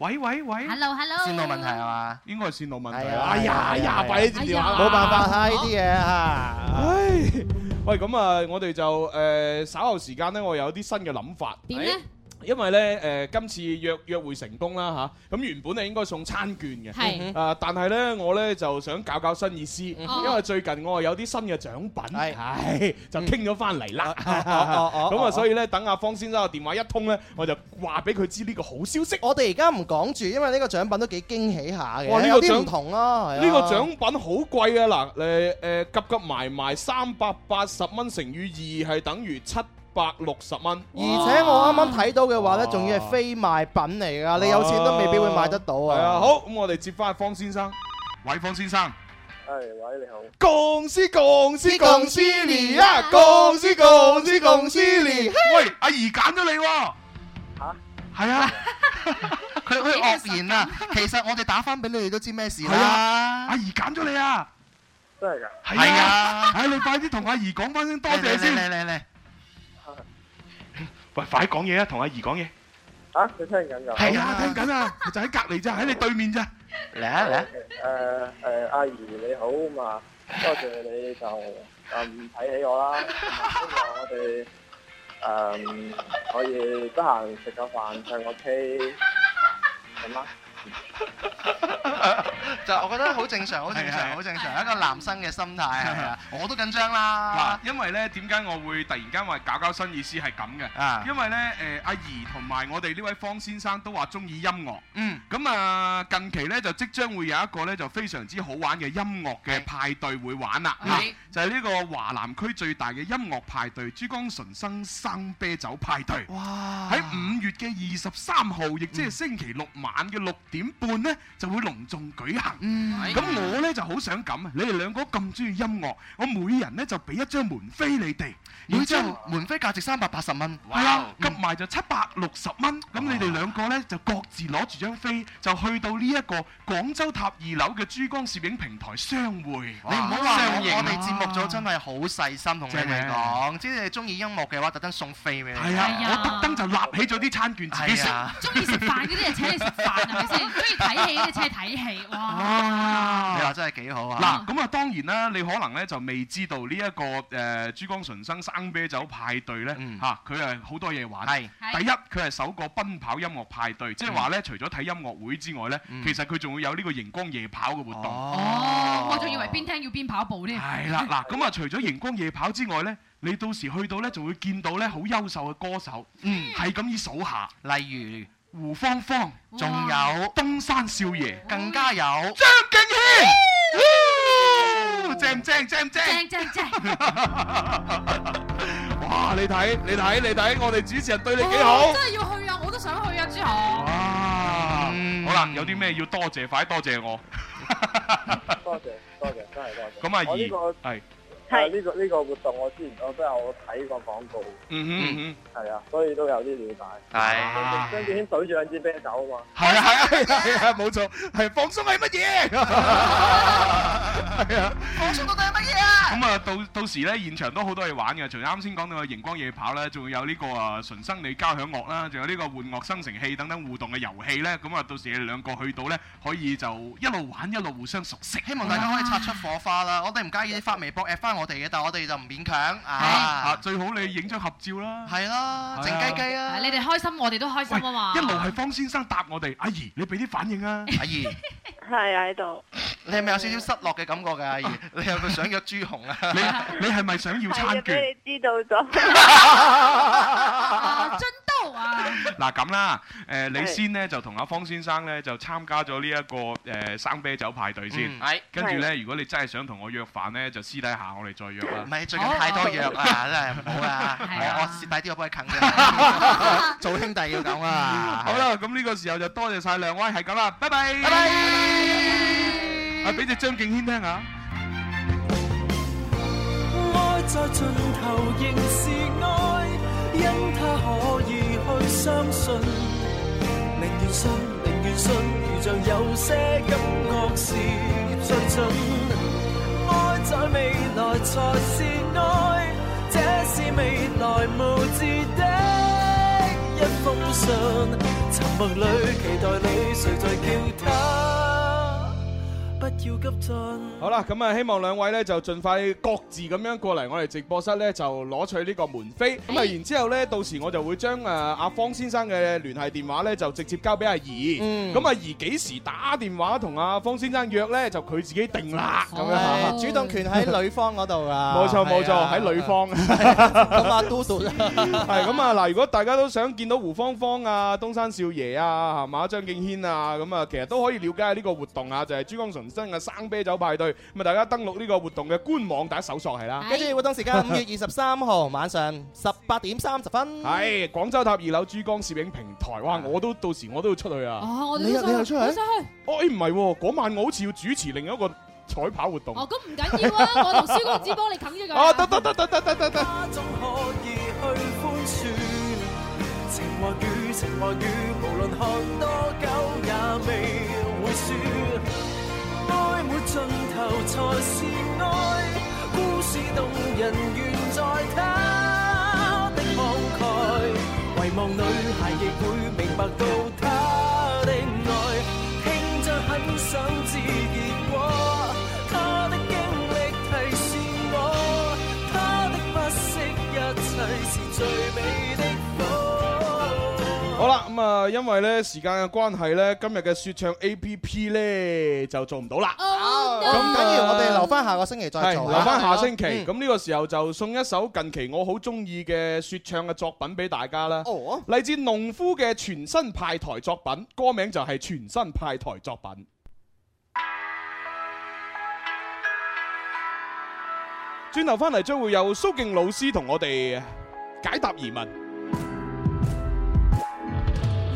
喂喂喂！Hello Hello，線路問題係嘛？應該係線路問題。哎呀呀，快啲電話，冇辦法啊！呢啲嘢啊，唉，喂，咁啊，我哋就誒稍後時間咧，我有啲新嘅諗法。點咧？因為呢，誒，今次約約會成功啦，嚇，咁原本係應該送餐券嘅，誒、uh，但係呢，我呢就想搞搞新意思， (music) uh、因為最近我有啲新嘅獎品，係、 (music) uh、 (music) 就傾咗翻嚟啦，咁、 (music) uh、 (music) 啊，所以呢，等阿方先生嘅電話一通呢，我就話俾佢知呢個好消息。我哋而家唔講住，因為呢個獎品都幾驚喜下嘅，有啲唔同咯，呢個獎品好貴啊！嗱，誒急急埋埋三百八十蚊乘以二係等於七百六十蚊，而且我啱啱睇到嘅話咧，仲要係非賣品嚟噶，你有錢都未必會買得到啊！係啊，好，咁我哋接翻阿方先生，偉方先生，誒，喂，你好，恭喜恭喜恭喜你啊！恭喜恭喜恭喜你！喂，阿姨揀咗你喎，吓，係啊，佢佢愕然啊，其實我哋打翻俾你哋都知咩事啦，阿姨揀咗你啊，真係噶，係啊，唉，你快啲同阿姨講翻聲多謝先，嚟嚟嚟。喂，快啲講嘢啦，同阿怡講嘢。嚇，你聽緊㗎？係啊，聽緊啊，就喺隔離咋，喺你對面咋。嚟啊嚟啊！誒誒，阿怡你好，咁啊，多謝你就誒唔睇起我啦，咁啊，我哋誒可以得閒食個飯唱個 K 咁啊。就我覺得好正常，好正常，好正常，一個男生嘅心態啊！我都緊張啦。嗱，因為咧，點解我會突然間話搞搞新意思係咁嘅？啊，因為咧，誒阿姨同埋我哋呢位方先生都話中意音樂。嗯。咁啊，近期咧就即將會有一個咧就非常之好玩嘅音樂嘅派對會玩啦。係。就係呢個華南區最大嘅音樂派對——珠江純生生啤酒派對哇！喺五月嘅二十三號，亦即係星期六晚嘅六點。點半呢就會隆重舉行，咁我呢就好想咁啊！你哋兩個咁中意音樂，我每人呢就俾一張門飛你哋，每張門飛價值三百八十蚊，係啦哇，合埋、啊、就七百六十蚊。咁你哋兩個呢就各自攞住張飛，就去到呢一個廣州塔二樓嘅珠江攝影平台相會。哇你唔好話我哋型節目組真係好細心同你哋講，即係中意音樂嘅話，特登送飛俾你。係啊，特登、哎、呀就立起咗啲餐券自己，你想中意食飯嗰啲人請你食飯 (laughs) 可以睇戲咧，係睇戲、哦、你話真係幾好啊！嗱，咁啊當然啦，你可能咧就未知道呢一、這個誒、呃、珠江純生生啤酒派對咧嚇，佢係好多嘢玩。是第一，佢係首個奔跑音樂派對，即係話咧，嗯、除咗睇音樂會之外咧，嗯、其實佢仲會有呢個熒光夜跑嘅活動。哦，哦，我仲以為邊聽要邊跑步呢？係啦，嗱，咁啊，除咗熒光夜跑之外咧，你到時去到咧，就會見到咧好優秀嘅歌手，係咁以數下，例如。胡芳芳，仲有東山少爺，更加有張敬軒，正唔正？正唔正？正正正！哇，你睇你睇你睇，我哋主持人對你幾好！我真係要去啊，我都想去啊，之後。啊，好啦，有啲咩要多謝，快多謝我。多謝多謝，真係多謝。咁啊二係。係呢個呢個活動，我之前我都有睇過廣告，嗯哼、mm，係、hmm. 啊，所以都有啲了解。係張敬軒舉住兩支啤酒啊嘛。係啊係啊係啊，冇錯，係放鬆係乜嘢？係啊，放鬆到底係乜嘢啊？咁啊，到到時咧現場都好多嘢玩嘅，除啱先講到嘅熒光夜跑咧，仲會有呢個啊純生理交響樂啦，仲有呢個換樂生成器等等互動嘅遊戲咧。咁啊，到時你哋兩個去到咧，可以就一路玩一路互相熟悉。Ah. 希望大家可以擦出火花啦！我哋唔介意你發微博翻我哋嘅，但係我哋就唔勉強啊、啊、啊，最好你影張合照啦，係啦、啊，靜雞雞啊，你哋開心，我哋都開心啊嘛，一路係方先生答我哋，阿姨，你俾啲反應啊，阿姨，係啊喺度，你係咪有少少失落嘅感覺噶？阿姨，你係咪想約朱紅啊，你你係咪想要餐券，俾知道咗。嗱，咁啦，誒，你先呢就同阿方先生咧就參加咗呢一個誒生啤酒派對先，係，跟住咧如果你真係想同我約飯咧，就私底下我哋再約啦。唔係最近太多約啦，真係唔好啦，我私底啲我幫你啃嘅，做兄弟要咁啊。好啦，咁呢個時候就多謝晒兩位，係咁啦，拜拜，拜拜。啊，俾隻張敬軒聽下。相信，寧願信，寧願信，如像有些感覺是最準。愛在未來才是愛，這是未來無字的一封信。沉默裏，期待裏，誰在叫他？好啦，咁、嗯、啊，希望兩位咧就盡快各自咁樣過嚟我哋直播室咧，就攞取呢個門飛。咁啊、嗯，然之後咧，到時我就會將誒阿方先生嘅聯繫電話咧就直接交俾阿怡。咁阿怡幾時打電話同阿、啊、方先生約咧，就佢自己定啦。咁、嗯、樣，主動權喺女方嗰度啊，冇錯冇錯，喺、啊、女方。咁啊，嘟嘟啦。係咁啊，嗱、 (laughs) 啊，如果大家都想見到胡芳芳啊、東山少爺啊、係嘛、張敬軒啊，咁啊，其實都可以了解下呢個活動啊，就係、是、珠江巡。新嘅生啤酒派對，咁、就、啊、是、大家登錄呢個活動嘅官網，大家搜索係啦。跟住活動時間五月二十三號晚上十八點三十分，係廣 (laughs) 州塔二樓珠江攝影平台。哇，的我都到時我都要出去啊！啊，我都要出去，我都要去。哦，唔係，嗰晚我好似要主持另一個彩跑活動。哦，咁唔緊要啊，我同蕭公子幫你冚一個。得得得得得得得。愛沒盡頭才是愛，故事動人緣在他的慷慨，唯望女孩亦會明白到她。咁啊、嗯，因為咧時間嘅關係咧，今日嘅說唱 APP 咧就做唔到啦。咁、oh, no. 嗯、等於我哋留翻下個星期再做。留翻下星期，咁呢好個時候就送一首近期我好中意嘅說唱嘅作品俾大家啦。哦，嚟自農夫嘅全新派台作品，歌名就係全新派台作品。轉頭翻嚟，將會有蘇敬老師同我哋解答疑問。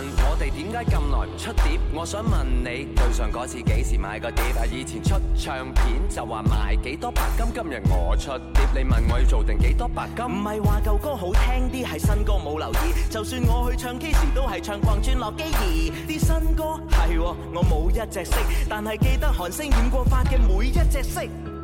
我哋點解咁耐唔出碟？我想問你，對上嗰次幾時買個碟啊？以前出唱片就話賣幾多白金，今日我出碟，你問我要做定幾多白金？唔係話舊歌好聽啲，係新歌冇留意。就算我去唱 K 時都係唱《逛轉落基兒》，啲新歌係、哦、我冇一隻色，但係記得韓星染過髮嘅每一隻色。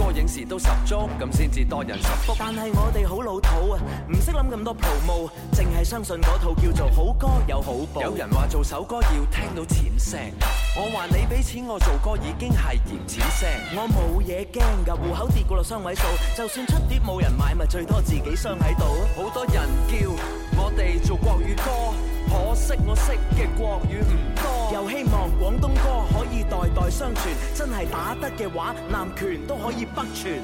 歌影視都十足，咁先至多人受福。但係我哋好老土啊，唔識諗咁多 promo，淨係相信嗰套叫做好歌有好報。有人話做首歌要聽到錢聲，我話你俾錢我做歌已經係嫌錢聲。我冇嘢驚㗎，戶口跌過落雙位數，就算出碟冇人買咪最多自己傷喺度。好多人叫我哋做國語歌。可惜我識嘅國語唔多，又希望廣東歌可以代代相傳。真係打得嘅話，南拳都可以北傳。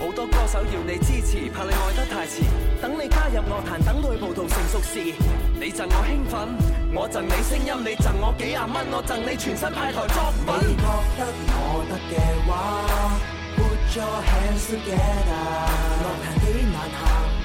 好多歌手要你支持，怕你愛得太遲。等你加入樂壇，等佢葡萄成熟時，你贈我興奮，我贈你聲音，你贈我幾廿蚊，我贈你全新派台作品。 (music) 你覺得我得嘅話，Put your hands together， (noise) 樂壇幾難行。 (music)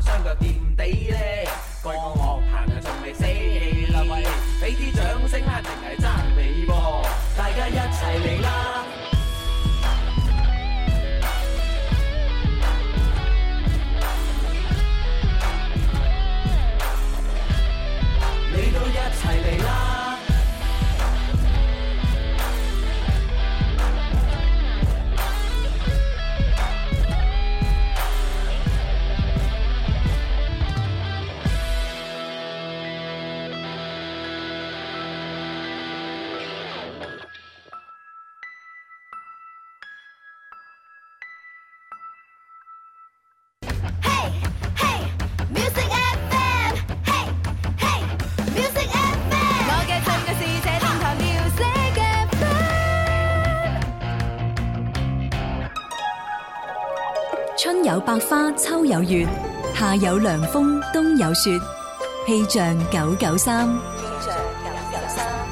雙腳掂地咧，個樂壇啊仲未死氣啦喂，俾啲掌聲啦，淨係讚你噃，大家一齊嚟啦！百花，秋有月，夏有涼風，冬有雪。氣象九九三，氣象九九三。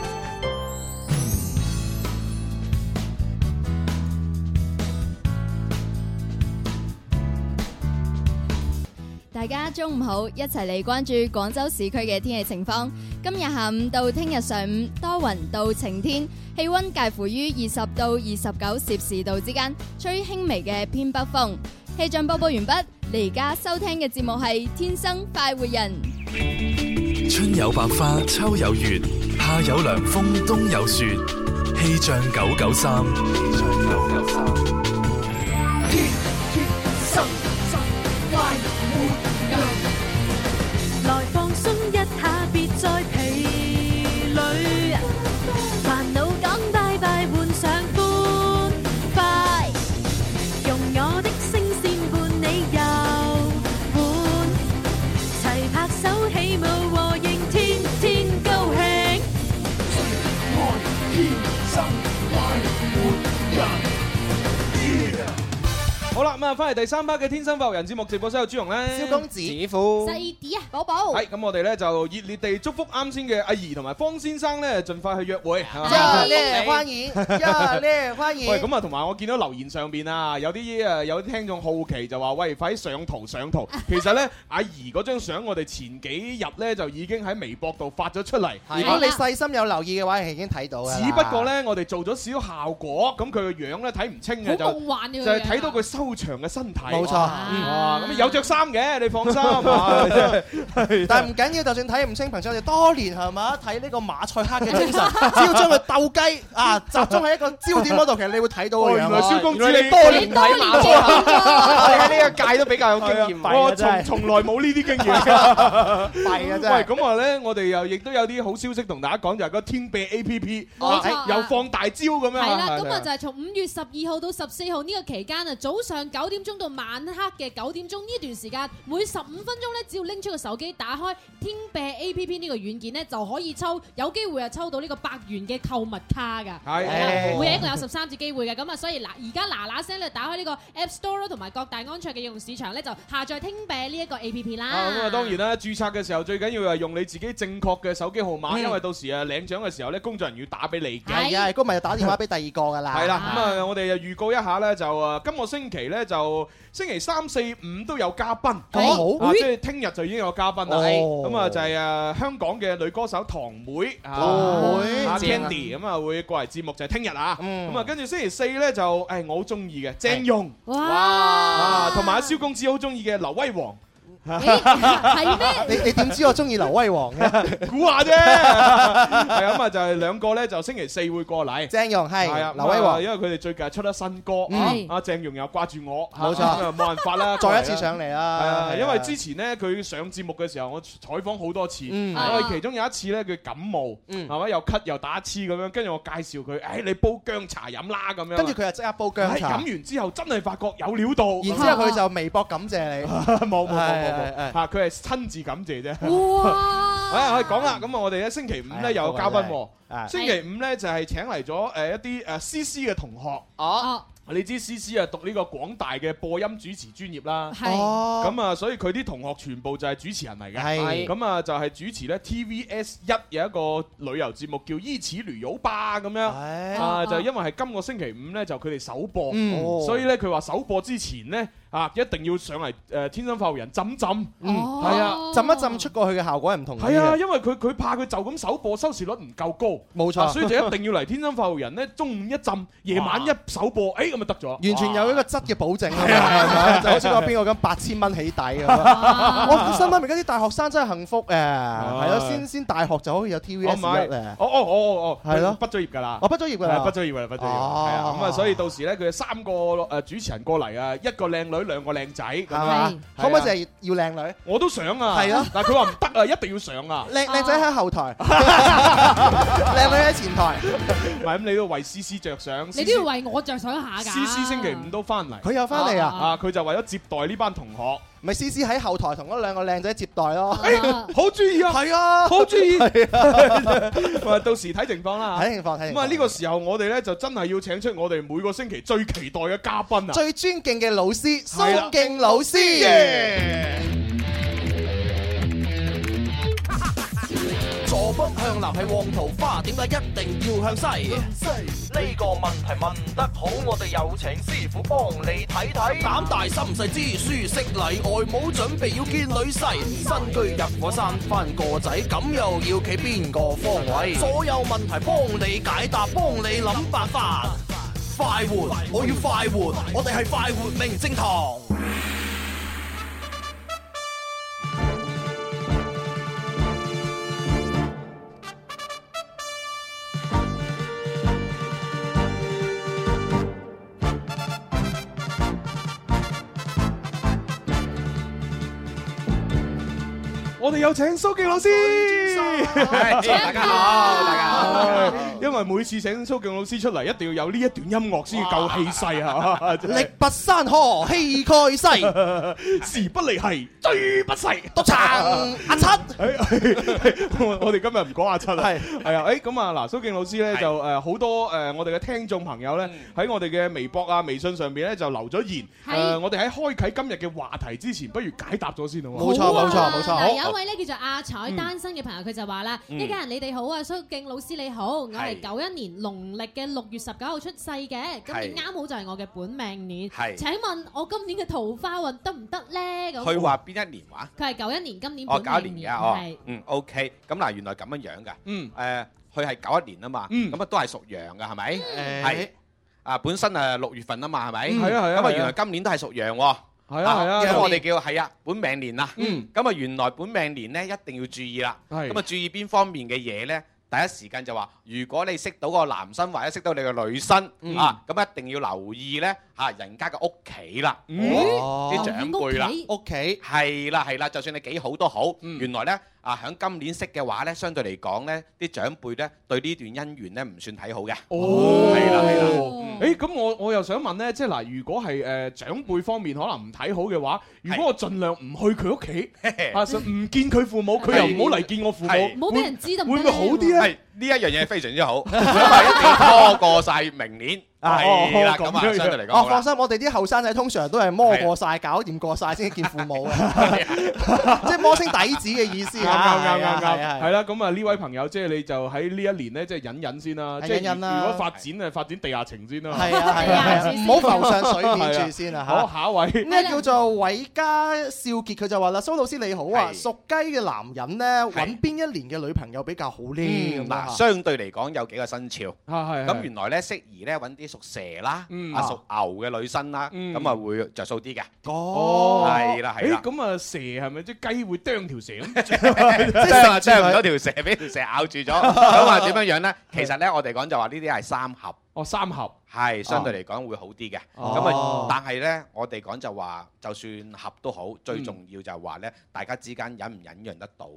大家中午好，一齊嚟關注廣州市區嘅天氣情況。今日下午到聽日上午，多雲到晴天，氣溫介乎於二十到二十九攝氏度之間，吹輕微嘅偏北風。氣象播報完畢，你而家收聽嘅節目係《天生快活人》。春有百花，秋有月，夏有涼風，冬有雪。氣象九九三。氣咁啊，翻嚟第三 part 嘅天生快活人節目直播室有朱容咧、蕭公子、師父細啲啊、寶寶。咁，我哋咧就熱烈地祝福啱先嘅阿姨同埋方先生咧，盡快去約會。係歡迎歡迎。喂，咁啊，同埋我見到留言上邊啊，有啲誒有啲聽眾好奇就話：喂，快上圖上圖！其實咧，阿姨嗰張相我哋前幾日咧就已經喺微博度發咗出嚟。如果你細心有留意嘅話，已經睇到啦。只不過咧，我哋做咗少少效果，咁佢個樣咧睇唔清嘅就係睇到佢收長嘅身體，冇錯，哇！咁有着衫嘅，你放心。但係唔緊要，就算睇唔清，憑住我哋多年係嘛睇呢個馬賽克嘅精神，只要將佢鬥雞啊集中喺一個焦點嗰度，其實你會睇到嘅樣。原來小公主你多年睇到啊！呢一屆都比較有經驗，我從從來冇呢啲經驗。係啊，真係。喂，咁話咧，我哋又亦都有啲好消息同大家講，就係個天貝 A P P，又放大招咁樣。係啦，咁啊就係從五月十二號到十四號呢個期間啊，早上。九點鐘到晚黑嘅九點鐘呢段時間，每十五分鐘咧，只要拎出個手機，打開聽餅 A P P 呢個軟件咧，就可以抽，有機會啊抽到呢個百元嘅購物卡噶。係的，每一個有十三次機會嘅，咁啊、哎呀，所以嗱，而家嗱嗱聲咧，打開呢個 App Store 同埋各大安卓嘅應用市場咧，就下載聽餅呢一個 A P P 啦。咁啊，當然啦，註冊嘅時候最緊要係用你自己正確嘅手機號碼，嗯、因為到時啊領獎嘅時候咧，工作人員要打俾你嘅。係啊，今日就打電話俾第二個噶啦。係啦，咁啊，我哋就預告一下咧，就啊，今個星期咧。就星期三四五都有嘉賓，好，即係聽日就已經有嘉賓啦。咁啊就係誒香港嘅女歌手堂妹，堂妹 Candy，咁啊會過嚟節目就係聽日啊。咁啊跟住星期四咧就誒我好中意嘅鄭融，哇，啊同埋阿蕭公子好中意嘅劉威煌。係咩？你你點知我中意劉威王嘅？估下啫。係咁啊，就係兩個咧，就星期四會過嚟。鄭融係，劉威皇，因為佢哋最近出咗新歌。嗯。阿鄭融又掛住我，冇錯。冇辦法啦，再一次上嚟啦。係啊，因為之前咧佢上節目嘅時候，我採訪好多次。嗯。咁其中有一次咧，佢感冒，係咪又咳又打癡咁樣？跟住我介紹佢，誒你煲薑茶飲啦咁樣。跟住佢又即刻煲薑茶。喺飲完之後，真係發覺有料到。然之後佢就微博感謝你。冇冇冇。誒誒，吓佢係親自感謝啫。哇！誒，我哋講啦，咁啊，我哋咧星期五咧有嘉賓。誒，星期五咧就係請嚟咗誒一啲誒詩詩嘅同學哦。你知詩詩啊讀呢個廣大嘅播音主持專業啦。係。咁啊，所以佢啲同學全部就係主持人嚟嘅。係。咁啊，就係主持咧 TVS 一有一個旅遊節目叫依此驢友吧咁樣。啊，就因為係今個星期五咧，就佢哋首播。所以咧，佢話首播之前咧。啊！一定要上嚟誒《天生快活人》浸浸。嗯，係啊，浸一浸出過去嘅效果係唔同嘅，係啊，因為佢佢怕佢就咁首播收視率唔夠高，冇錯，所以就一定要嚟《天生快活人》咧。中午一浸，夜晚一首播，誒咁咪得咗。完全有一個質嘅保證啊！就好似邊個咁，八千蚊起底啊！我新婚，而家啲大學生真係幸福誒，係咯，先先大學就可以有 TVS 啦誒，哦哦哦哦，係咯，畢咗業噶啦，我畢咗業㗎，畢咗業㗎，畢咗業，係啊，咁啊，所以到時咧，佢三個誒主持人過嚟啊，一個靚女。兩個靚仔，係咪？可唔可以就係要靚女？我都想啊，係啊！但係佢話唔得啊，一定要上啊。靚靚仔喺後台，靚 (laughs) 女喺前台。唔係咁，你都要為思思着想。你都要為我着想一下㗎、啊。思思星期五都翻嚟，佢又翻嚟啊！啊，佢就為咗接待呢班同學。咪思思喺後台同嗰兩個靚仔接待咯。哎、好注意啊，係啊，好注意，同埋、啊、 (laughs) (laughs) 到時睇情況啦，睇情況睇。咁啊，呢個時候我哋咧就真係要請出我哋每個星期最期待嘅嘉賓啊，最尊敬嘅老師，蘇敬老師。Yeah! 北向南係旺桃花，點解一定要向西？呢、嗯、個問題問得好，我哋有請師傅幫你睇睇。膽大心細知書識禮，外母準備要見女婿，新西居入伙，生翻個仔，咁又要企邊個方位？所有問題幫你解答，幫你諗辦法，辦法快活！我要快活，法我哋係快活命正堂。有請蘇記老師。大家好，大家好。因為每次請蘇敬老師出嚟，一定要有呢一段音樂先夠氣勢嚇。力拔山河，氣蓋世，時不利兮，騅不逝。督撐阿七。我哋今日唔講阿七喇。係係啊，誒咁啊，嗱，蘇敬老師咧就誒好多誒我哋嘅聽眾朋友咧喺我哋嘅微博啊、微信上邊咧就留咗言。誒，我哋喺開啓今日嘅話題之前，不如解答咗先好。冇錯冇錯冇錯。有一位咧叫做阿彩單身嘅朋友，佢就。話啦，一家人你哋好啊，蘇敬老師你好，我係九一年農曆嘅六月十九號出世嘅，今年啱好就係我嘅本命年，請問我今年嘅桃花運得唔得咧？咁佢話邊一年話？佢係九一年，今年本命年，九一年而家。哦，嗯，OK，咁嗱，原來咁樣樣噶，嗯，誒，佢係九一年啊嘛，咁啊都係屬羊噶，係咪？係，啊，本身誒六月份啊嘛，係咪？係啊係啊，咁啊，原來今年都係屬羊。係啊，因為、啊啊、意我哋叫、啊、本命年啦。嗯，咁原來本命年呢，一定要注意啦。係是，咁注意邊方面嘅嘢呢？第一時間就話，如果你識到個男生或者識到你個女生、嗯、啊，咁一定要留意呢。嚇，人家嘅屋企啦，啲長輩啦，屋企係啦係啦，就算你幾好都好。原來呢，啊，喺今年識嘅話呢，相對嚟講呢，啲長輩呢對呢段姻緣呢唔算睇好嘅。哦，係啦係啦。誒，咁我我又想問呢，即係嗱，如果係誒長輩方面可能唔睇好嘅話，如果我盡量唔去佢屋企，阿叔唔見佢父母，佢又唔好嚟見我父母，唔好俾人知道，會唔會好啲呢？呢一樣嘢非常之好，因為一定摸過曬明年。係啦，咁啊相對嚟講，哦放心，我哋啲後生仔通常都係摸過曬，搞掂過曬先見父母嘅，即係摸清底子嘅意思嚇。啱啱啱係啦，咁啊呢位朋友即係你就喺呢一年咧，即係隱隱先啦，即係隱隱啦。如果發展啊，發展地下情先啦。係啊係啊，唔好浮上水面住先啊嚇。好，下一位，呢叫做偉家少傑，佢就話啦：蘇老師你好啊，屬雞嘅男人咧揾邊一年嘅女朋友比較好咧？相對嚟講有幾個生肖，咁原來咧適宜咧揾啲屬蛇啦，啊屬牛嘅女生啦，咁啊會着數啲嘅。哦，係啦係啦。咁啊蛇係咪啲雞會釘條蛇咁？即係話釘咗條蛇俾條蛇咬住咗，想話點樣樣咧？其實咧，我哋講就話呢啲係三合。哦，三合係相對嚟講會好啲嘅。咁啊，但係咧，我哋講就話，就算合都好，最重要就係話咧，大家之間忍唔忍讓得到，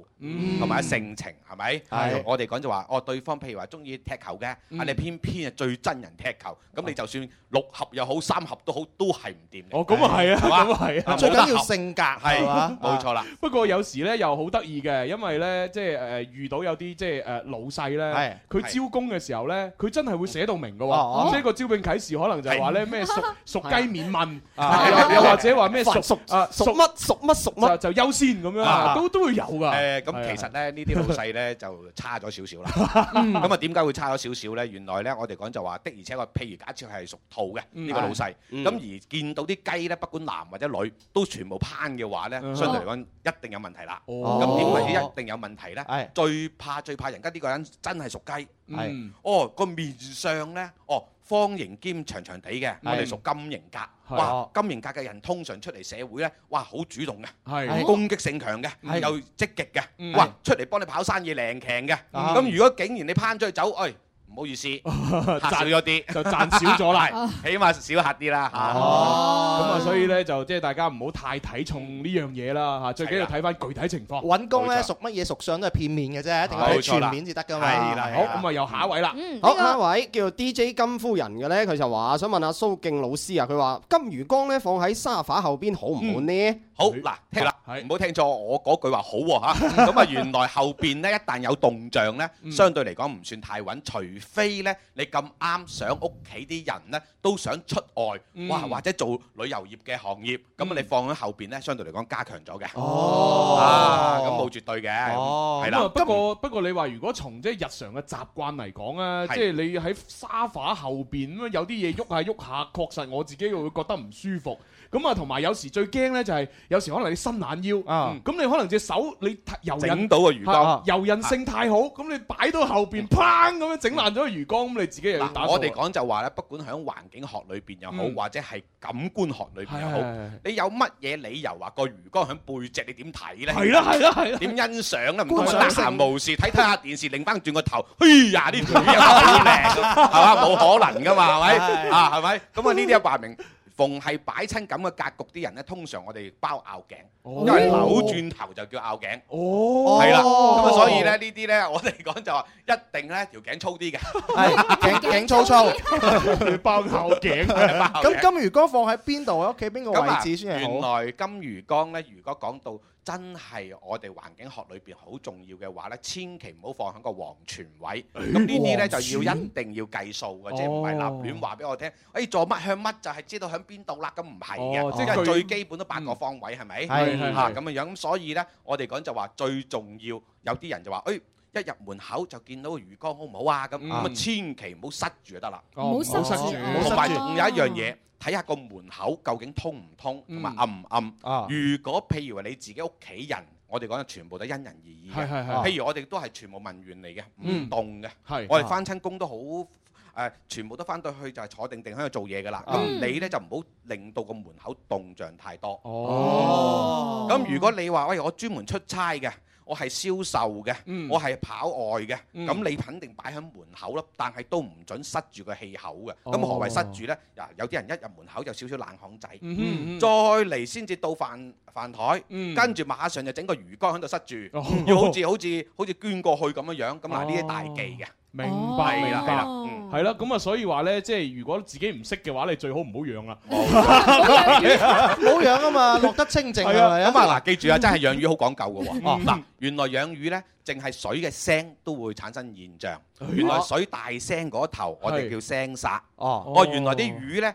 同埋性情係咪？係我哋講就話，哦對方譬如話中意踢球嘅，啊你偏偏啊最憎人踢球，咁你就算六合又好，三合都好，都係唔掂。哦，咁啊係啊，咁啊係啊，最緊要性格係冇錯啦。不過有時咧又好得意嘅，因為咧即係誒遇到有啲即係誒老細咧，佢招工嘅時候咧，佢真係會寫到明㗎。即係個招聘啟事可能就話咧，咩屬屬雞免問啊，又或者話咩屬屬啊屬乜屬乜屬乜就優先咁樣都都會有噶。誒咁其實咧呢啲老細咧就差咗少少啦。咁啊點解會差咗少少咧？原來咧我哋講就話的，而且個譬如假設係屬兔嘅呢個老細，咁而見到啲雞咧，不管男或者女，都全部攀嘅話咧，相對嚟講一定有問題啦。咁點為止一定有問題咧？最怕最怕人家呢個人真係屬雞。嗯，mm. 哦個面相呢，哦方形兼長長地嘅，mm. 我哋屬金型格。Mm. 哇，金型格嘅人通常出嚟社會呢，哇好主動嘅，mm. 攻擊性強嘅，mm. 又積極嘅。Mm. 哇，出嚟幫你跑生意零強嘅。咁、mm. 如果竟然你攀出去走，哎。唔好意思，賺咗啲，就賺少咗啦，起碼少吓啲啦。哦，咁啊，所以咧就即係大家唔好太睇重呢樣嘢啦。嚇，最緊要睇翻具體情況。揾工咧，屬乜嘢屬相都係片面嘅啫，一定要全面先得噶嘛。係啦，好，咁啊，又下一位啦。好，下一位叫 D J 金夫人嘅咧，佢就話想問下蘇敬老師啊，佢話金魚缸咧放喺沙發後邊好唔好呢？好嗱，聽啦，唔好聽錯，我嗰句話好喎嚇，咁啊原來後邊咧一旦有動靜咧，相對嚟講唔算太穩，除非咧你咁啱想屋企啲人咧都想出外，哇或者做旅遊業嘅行業，咁啊你放喺後邊咧，相對嚟講加強咗嘅。哦，咁冇絕對嘅。哦，係啦，不過不過你話如果從即係日常嘅習慣嚟講啊，即係你喺沙發後邊咁啊有啲嘢喐下喐下，確實我自己會覺得唔舒服。咁啊，同埋有時最驚咧就係有時可能你伸懶腰，咁你可能隻手你遊整到個魚缸，柔韌性太好，咁你擺到後邊砰咁樣整爛咗個魚缸，咁你自己又打我。我哋講就話咧，不管喺環境學裏邊又好，或者係感官學裏邊又好，你有乜嘢理由話個魚缸喺背脊？你點睇咧？係囉，係囉，係囉。點欣賞咧？唔通得閒無事睇睇下電視，擰翻轉個頭，哎呀呢條魚好靚，係嘛？冇可能噶嘛，係咪啊？係咪？咁啊呢啲啊話明。逢係擺親咁嘅格局啲人咧，通常我哋包拗頸，因為扭轉頭就叫拗頸，哦，係啦。咁所以咧，呢啲咧，我哋講就話一定咧條頸粗啲嘅，係頸頸粗粗，包拗頸。咁金魚缸放喺邊度啊？屋企邊個位置先係好？原來金魚缸咧，如果講到真係我哋環境學裏邊好重要嘅話咧，千祈唔好放喺個黃泉位。咁、欸、呢啲咧就要一定要計數嘅，哦、即係唔係立亂話俾我聽。誒做乜向乜就係知道響邊度啦。咁唔係嘅，即係、哦啊、最基本都八個方位係咪？係係啊咁嘅樣。咁所以咧，我哋講就話最重要，有啲人就話誒。哎一入門口就見到個魚缸好唔好啊？咁咁啊，千祈唔好塞住就得啦。唔好塞住。同埋仲有一樣嘢，睇下個門口究竟通唔通，同埋暗唔暗。如果譬如話你自己屋企人，我哋講嘅全部都因人而異嘅。譬如我哋都係全部文員嚟嘅，唔動嘅。我哋翻親工都好誒，全部都翻到去就係坐定定喺度做嘢㗎啦。咁你咧就唔好令到個門口動象太多。哦。咁如果你話喂，我專門出差嘅。我係銷售嘅，嗯、我係跑外嘅，咁、嗯、你肯定擺喺門口咯，但係都唔準塞住個氣口嘅，咁、哦、何謂塞住呢？有啲人一入門口就有少少冷巷仔，嗯嗯、再嚟先至到飯飯台，嗯、跟住馬上就整個魚缸喺度塞住，哦、要好似、哦、好似好似捐過去咁樣樣，咁嗱呢啲大忌嘅。明白啦，係啦，係啦、嗯，咁啊，所以話咧，即係如果自己唔識嘅話，你最好唔好養啦，唔好養啊嘛，落得清淨 (laughs) 的啊。咁啊，嗱，記住啊，真係養魚好講究噶喎。嗱、 (laughs) 啊，原來養魚咧，淨係水嘅聲都會產生現象。 (laughs) 原來水大聲嗰頭我聲，我哋叫聲煞。哦，哦，原來啲魚咧。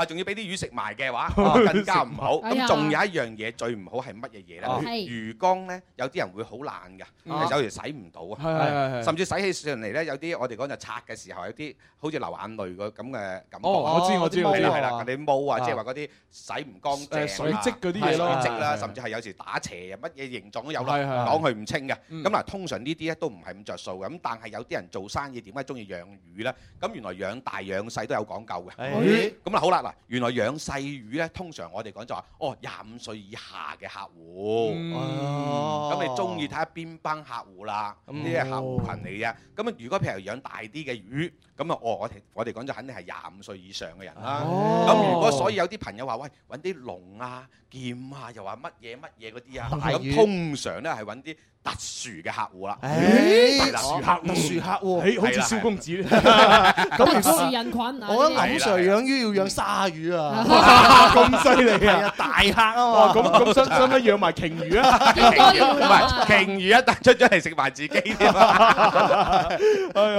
啊，仲要俾啲魚食埋嘅話，更加唔好。咁仲有一樣嘢最唔好係乜嘢嘢咧？魚缸咧，有啲人會好懶噶，有時洗唔到啊，甚至洗起上嚟咧，有啲我哋講就拆嘅時候有啲好似流眼淚個咁嘅感覺。哦，我知我知。係啦係啦，你毛啊，即係話嗰啲洗唔乾淨、水漬嗰啲嘢咯，水漬啦，甚至係有時打斜，乜嘢形狀都有咯，講佢唔清嘅。咁嗱，通常呢啲咧都唔係咁著數嘅。咁但係有啲人做生意點解中意養魚咧？咁原來養大養細都有講究嘅。咁啊好啦嗱。原來養細魚呢，通常我哋講就話，係，哦，廿五歲以下嘅客戶，咁你中意睇下邊班客戶啦，咁呢啲客戶群嚟嘅？咁如果譬如養大啲嘅魚，咁啊，哦，我我哋講就肯定係廿五歲以上嘅人啦。咁，哦，如果所以有啲朋友話，喂，揾啲龍啊、劍啊，又話乜嘢乜嘢嗰啲啊，咁大魚通常呢係揾啲。特殊嘅客戶啦，特殊客，特殊客喎，好似蕭公子咁。特殊人羣，我覺得阿 Sir 養魚要養鯊魚啊，咁犀利啊！大客啊，咁咁使唔使養埋鯨魚啊？唔係鯨魚一突出咗嚟食埋自己添啊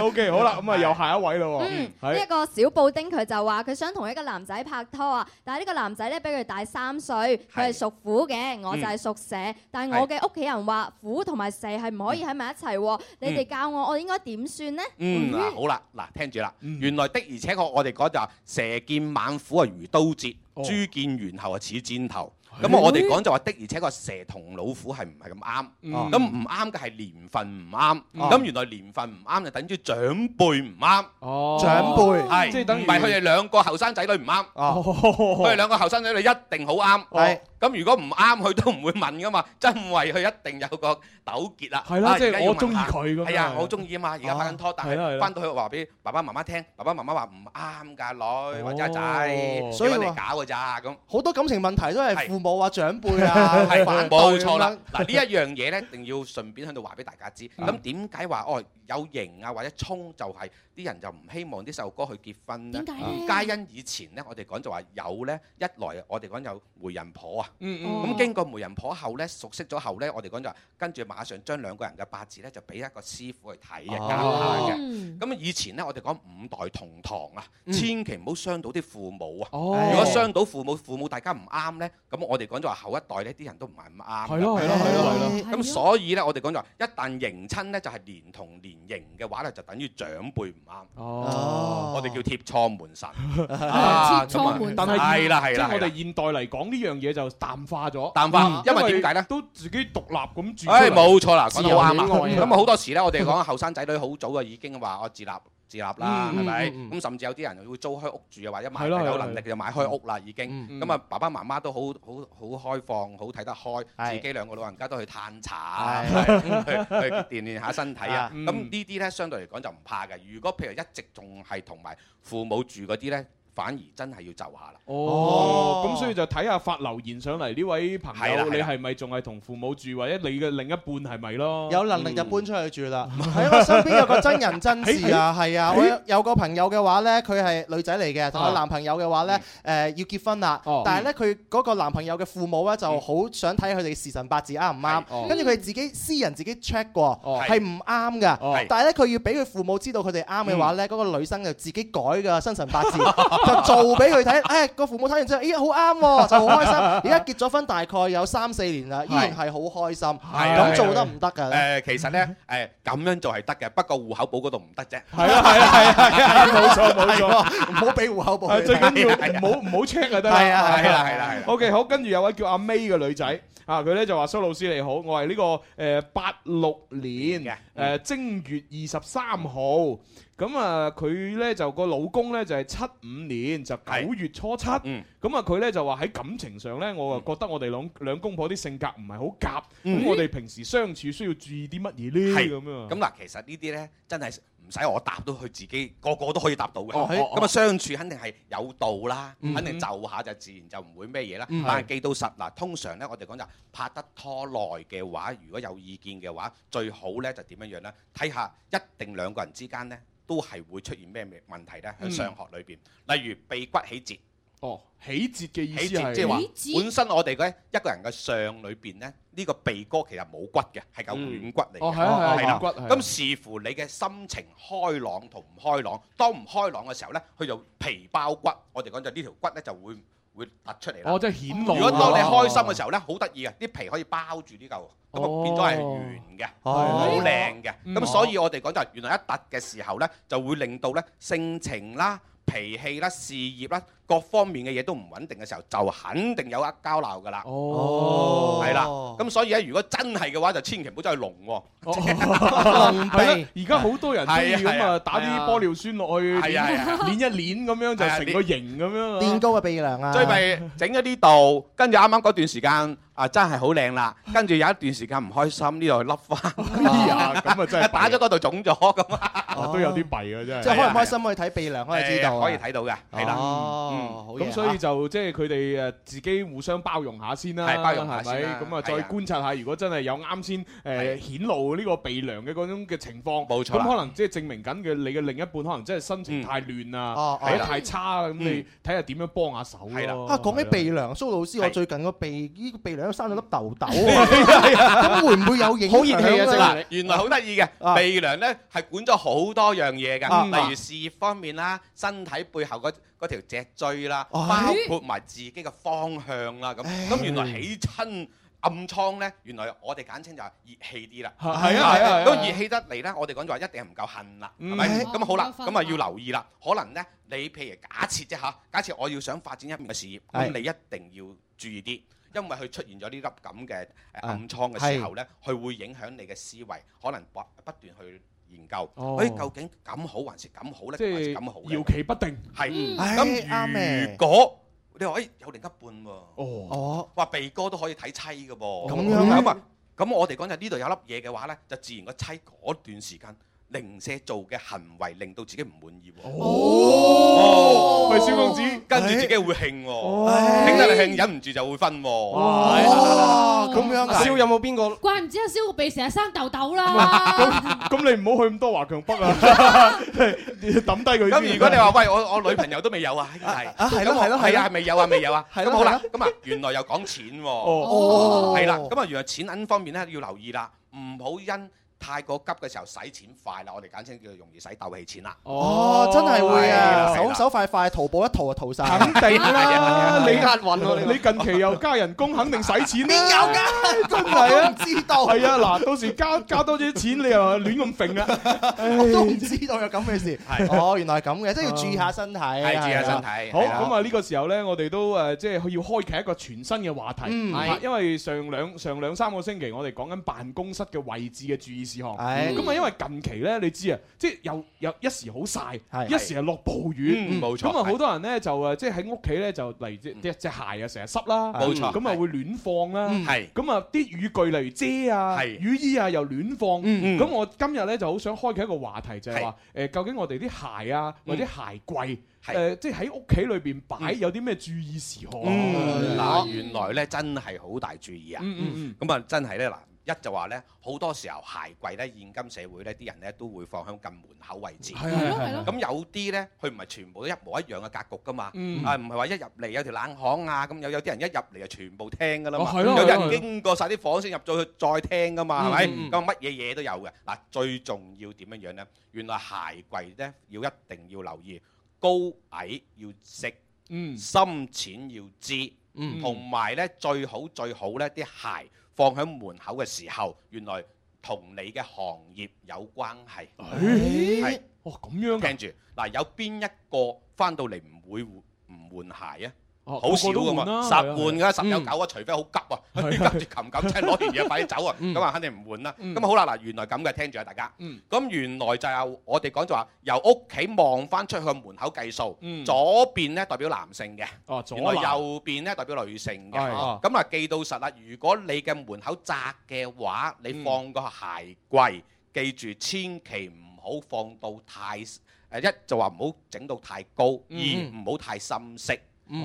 ！OK 好啦，咁啊，又下一位啦喎，呢一個小布丁佢就話佢想同一個男仔拍拖啊，但係呢個男仔咧比佢大三歲，佢係屬虎嘅，我就係屬蛇，但係我嘅屋企人話虎同埋蛇係唔可以喺埋一齊，你哋教我我應該點算呢？嗯，嗱好啦，嗱聽住啦，原來的而且確，我哋講就話蛇見猛虎啊，如刀截，豬見猿猴啊，似箭頭。咁啊，我哋講就話的而且個蛇同老虎係唔係咁啱？咁唔啱嘅係年份唔啱。咁原來年份唔啱就等於長輩唔啱。哦，長輩係，即係等於佢哋兩個後生仔女唔啱？佢哋兩個後生仔女一定好啱。咁如果唔啱，佢都唔會問噶嘛，因為佢一定有個糾結啦。係啦，即係我中意佢。係啊，好中意啊嘛！而家拍緊拖，但係翻到去話俾爸爸媽媽聽，爸爸媽媽話唔啱㗎，女或者仔，所以話嚟搞㗎咋咁。好多感情問題都係父母啊、長輩啊，冇錯啦。嗱呢一樣嘢咧，一定要順便喺度話俾大家知。咁點解話哦有型啊或者衝就係啲人就唔希望啲細路哥去結婚咧？點解咧？皆因以前咧，我哋講就話有咧一來我哋講有媒人婆啊。嗯嗯，咁經過媒人婆後咧，熟悉咗後咧，我哋講就話，跟住馬上將兩個人嘅八字咧，就俾一個師傅去睇嘅，揀一下嘅。咁以前咧，我哋講五代同堂啊，千祈唔好傷到啲父母啊。如果傷到父母，父母大家唔啱咧，咁我哋講咗，話後一代咧，啲人都唔係唔啱。係咯係咯係咯。咁所以咧，我哋講咗，話，一旦迎親咧，就係連同連迎嘅話咧，就等於長輩唔啱。哦，我哋叫貼錯門神。貼錯門，但係即係我哋現代嚟講呢樣嘢就。淡化咗，淡化，因為點解呢？都自己獨立咁住。誒，冇錯啦，講得啱啊！咁好多時呢，我哋講後生仔女好早啊，已經話我自立自立啦，係咪？咁甚至有啲人會租開屋住啊，或者買有能力就買開屋啦，已經。咁啊，爸爸媽媽都好好好開放，好睇得開，自己兩個老人家都去歎茶，去去鍛鍊下身體啊！咁呢啲呢，相對嚟講就唔怕嘅。如果譬如一直仲係同埋父母住嗰啲呢。反而真係要就下啦。哦，咁所以就睇下發留言上嚟呢位朋友，你係咪仲係同父母住，或者你嘅另一半係咪咯？有能力就搬出去住啦。喺我身邊有個真人真事啊，係啊，我有個朋友嘅話呢，佢係女仔嚟嘅，同個男朋友嘅話呢，誒要結婚啦。但係呢，佢嗰個男朋友嘅父母呢，就好想睇佢哋時辰八字啱唔啱。跟住佢自己私人自己 check 過，係唔啱㗎。但係呢，佢要俾佢父母知道佢哋啱嘅話呢，嗰個女生就自己改嘅生辰八字。就做俾佢睇，誒個父母睇完之後，咦，好啱，就好開心。而家結咗婚大概有三四年啦，依然係好開心。係咁做得唔得㗎？誒，其實咧誒咁樣做係得嘅，不過戶口簿嗰度唔得啫。係啊係啊係啊，冇錯冇錯，唔好俾戶口簿。最緊要唔好唔好 check 啊得啦。係啊係啦係啦係啦。OK 好，跟住有位叫阿 May 嘅女仔。啊！佢咧就話：蘇老師你好，我係呢、這個誒八六年誒、嗯、正月二十三號。咁啊，佢咧就個老公咧就係七五年就九月初七。咁啊，佢、嗯、咧就話喺感情上咧，我啊覺得我哋兩兩公婆啲性格唔係好夾。咁、嗯、我哋平時相處需要注意啲乜嘢咧？咁啊，咁嗱，其實呢啲咧真係。使我答到佢自己個個都可以答到嘅。咁啊，相處肯定係有道啦，mm hmm. 肯定就下就自然就唔會咩嘢啦。Mm hmm. 但係記到實嗱，通常咧我哋講就拍得拖耐嘅話，如果有意見嘅話，最好咧就點樣樣咧？睇下一定兩個人之間咧都係會出現咩問題咧？喺上學裏邊，mm hmm. 例如鼻骨起折。哦，起節嘅意思係，即係話本身我哋一個人嘅相裏邊咧，呢、這個鼻哥其實冇骨嘅，係嚿軟骨嚟嘅、嗯。哦，係係係啦，咁、哦嗯嗯、視乎你嘅心情開朗同唔開朗。當唔開朗嘅時候咧，佢就皮包骨。我哋講就呢條骨咧就會會突出嚟啦。哦，即係顯露。如果當你開心嘅時候咧，好得意嘅啲皮可以包住呢、這、嚿、個，咁變咗係圓嘅，好靚嘅。咁、哦、所以我哋講就係原來一突嘅時候咧，就會令到咧性情啦、脾氣啦、事業啦，各方面嘅嘢都唔穩定嘅時候，就肯定有啊交流噶啦。哦，係啦。咁所以咧，如果真係嘅話，就千祈唔好再隆。哦，唔係。而家好多人中意咁啊，打啲玻尿酸落去，係啊，攣一攣咁樣就成個型咁樣。墊高嘅鼻樑啊！再咪整咗呢度，跟住啱啱嗰段時間啊，真係好靚啦。跟住有一段時間唔開心，呢度去凹翻。啊，咁啊真係打咗嗰度腫咗咁啊，都有啲弊嘅真係。即係開唔開心可以睇鼻梁可以知道，可以睇到嘅。哦。咁所以就即係佢哋誒自己互相包容下先啦，係包容下先，咁啊再觀察下，如果真係有啱先誒顯露呢個鼻梁嘅嗰種嘅情況，冇錯，咁可能即係證明緊嘅你嘅另一半可能真係心情太亂啊，睇得太差啊，咁你睇下點樣幫下手啦。啊，講起鼻梁，蘇老師，我最近個鼻呢個鼻梁生咗粒痘痘，咁會唔會有影響？好熱氣啊，原來原來好得意嘅鼻梁咧係管咗好多樣嘢嘅，例如事業方面啦，身體背後嗰條脊椎啦，包括埋自己嘅方向啦，咁咁原來起親暗瘡呢，原來我哋簡稱就係熱氣啲啦。係啊係啊，咁熱氣得嚟呢，我哋講就話一定係唔夠恨啦，係咪？咁好啦，咁啊要留意啦。可能呢，你譬如假設啫嚇，假設我要想發展一面嘅事業，咁你一定要注意啲，因為佢出現咗呢粒咁嘅暗瘡嘅時候呢，佢會影響你嘅思維，可能不不斷去研究，哦、究竟咁好還是咁好咧？即係，搖其不定，係咁。如果、哎、你話哎有另一半喎，哦，話、哦、鼻哥都可以睇妻嘅噃，咁、哦、樣咁啊，咁、哦嗯嗯、我哋講就呢度有粒嘢嘅話呢就自然個妻嗰段時間。零舍做嘅行為令到自己唔滿意喎，喂，肖公子跟住自己會興，興得興忍唔住就會分喎，咁樣。肖有冇邊個？怪唔知阿肖個鼻成日生痘痘啦。咁你唔好去咁多華強北啊，抌低佢。咁如果你話喂我我女朋友都未有啊？係啊係咯係咯係啊，未有啊未有啊，咁好啦咁啊原來又講錢喎，係啦咁啊原來錢銀方面咧要留意啦，唔好因太過急嘅時候使錢快啦，我哋簡稱叫做容易使鬥氣錢啦。哦，真係會啊！手手快快，淘寶一淘就淘晒！肯定啦，李德你近期又加人工，肯定使錢。邊有㗎？真係啊！唔知道。係啊，嗱，到時加加多啲錢，你又亂咁揈啦。我都唔知道有咁嘅事。哦，原來係咁嘅，即係要注意下身體。係注意下身體。好，咁啊呢個時候咧，我哋都誒即係要開啓一個全新嘅話題。嗯。因為上兩上兩三個星期，我哋講緊辦公室嘅位置嘅注意。項，咁啊，因為近期咧，你知啊，即係又有一時好曬，一時啊落暴雨，咁啊，好多人咧就誒，即係喺屋企咧就嚟隻隻鞋啊，成日濕啦，咁啊會亂放啦，咁啊啲雨具例如遮啊、雨衣啊又亂放，咁我今日咧就好想開啓一個話題就係話，誒，究竟我哋啲鞋啊或者鞋櫃，誒，即係喺屋企裏邊擺有啲咩注意事項？嗱，原來咧真係好大注意啊，咁啊真係咧嗱。一就話咧，好多時候鞋櫃咧，現今社會咧，啲人咧都會放喺近門口位置。係啊係咯。咁有啲咧，佢唔係全部都一模一樣嘅格局噶嘛。嗯。啊，唔係話一入嚟有條冷巷啊，咁有有啲人一入嚟就全部聽噶啦嘛。係咯。有啲人經過曬啲房先入再去再聽噶嘛，係咪？咁乜嘢嘢都有嘅。嗱，最重要點樣樣咧？原來鞋櫃咧要一定要留意高矮要識，深淺要知，同埋咧最好最好咧啲鞋，放喺門口嘅時候，原來同你嘅行業有關係。係、欸，哇咁是、哦、樣嘅。聽住，嗱，有邊一個翻到嚟唔會唔換鞋啊？好少噶嘛，十換噶十有九啊，除非好急啊，急住擒擒青攞完嘢快啲走啊，咁啊肯定唔換啦。咁好啦，嗱原來咁嘅，聽住啊大家。咁原來就係我哋講就話由屋企望翻出去門口計數，左邊咧代表男性嘅，原來右邊咧代表女性嘅。咁啊記到實啦，如果你嘅門口窄嘅話，你放個鞋櫃，記住千祈唔好放到太誒，一就話唔好整到太高，二唔好太深色。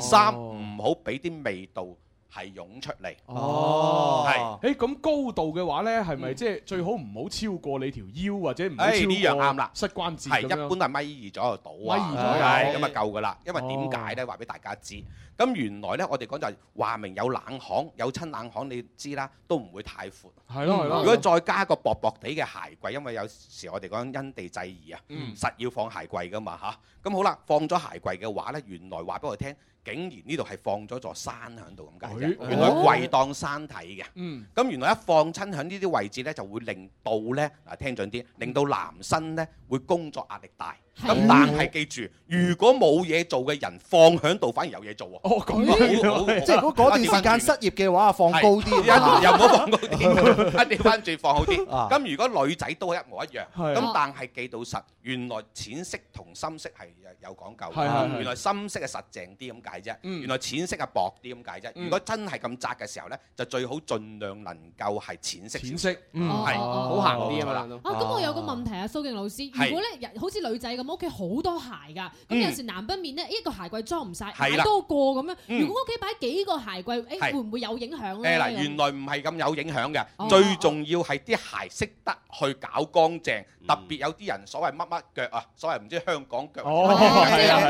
三唔好俾啲味道係湧出嚟。哦，係。咁高度嘅話呢，係咪即係最好唔好超過你條腰或者唔好超過？呢樣啱啦，膝關節咁係一般都係米二左右到啊，係咁啊夠噶啦。因為點解呢？話俾大家知。咁原來呢，我哋講就係話明有冷巷，有親冷巷，你知啦，都唔會太闊。係咯係咯。如果再加個薄薄地嘅鞋櫃，因為有時我哋講因地制宜啊，實要放鞋櫃噶嘛嚇。咁好啦，放咗鞋櫃嘅話呢，原來話俾我聽。竟然呢度係放咗座山喺度咁解啫，原來跪檔山體嘅。嗯，咁原來一放親喺呢啲位置咧，就會令到咧，嗱聽準啲，令到男生咧會工作壓力大。咁但係記住，如果冇嘢做嘅人放喺度，反而有嘢做喎。哦，咁樣，即係如果嗰段時間失業嘅話，放高啲，又唔好放高啲，調翻轉放好啲。咁如果女仔都一模一樣，咁但係記到實，原來淺色同深色係有講究。係係係。原來深色係實淨啲咁解啫，原來淺色係薄啲咁解啫。如果真係咁窄嘅時候咧，就最好盡量能夠係淺色。淺色，係好行啲啊嘛啦。啊，咁我有個問題啊，蘇敬老師，如果咧，好似女仔咁。屋企好多鞋噶，咁有時南北面咧，一個鞋櫃裝唔晒，係啦，多個咁樣。如果屋企擺幾個鞋櫃，誒會唔會有影響咧？誒，原來唔係咁有影響嘅，最重要係啲鞋識得去搞乾淨，特別有啲人所謂乜乜腳啊，所謂唔知香港腳，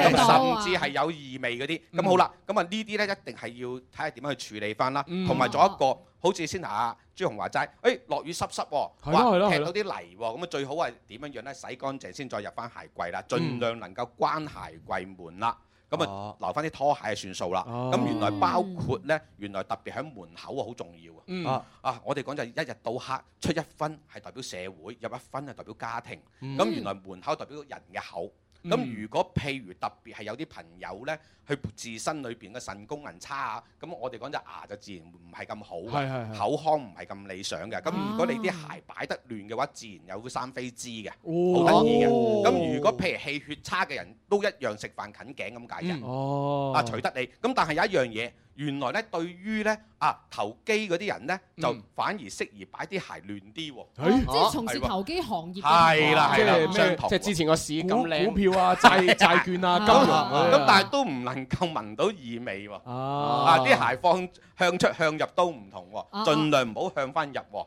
甚至係有異味嗰啲。咁好啦，咁啊呢啲咧，一定係要睇下點樣去處理翻啦，同埋仲有一個。好似先下朱紅話齋，落雨濕濕喎，哇踢到啲泥喎，咁啊最好係點樣樣咧？洗乾淨先再入翻鞋櫃啦，儘量能夠關鞋櫃門啦，咁啊留翻啲拖鞋就算數啦。咁原來包括咧，原來特別喺門口好重要啊！我哋講就係一日到黑出一分係代表社會，入一分係代表家庭。咁原來門口代表人嘅口。咁、嗯、如果譬如特別係有啲朋友咧，佢自身裏面嘅腎功能差啊，咁我哋講隻牙就自然唔係咁好，是是是口腔唔係咁理想嘅。咁、啊、如果你啲鞋擺得亂嘅話，自然有會生飛滋嘅，好得意嘅。咁如果譬如氣血差嘅人都一樣吃飯頸，食飯近頸咁解嘅。哦，啊隨得你。咁但係有一樣嘢。原來咧，對於咧啊投機嗰啲人咧，就反而適宜擺啲鞋亂啲喎。即係從事投機行業嘅。係啦係啦，即係之前個市股票啊、債債券啊、金融啊，咁但係都唔能夠聞到異味喎。啊啲鞋放向出向入都唔同喎，盡量唔好向翻入喎。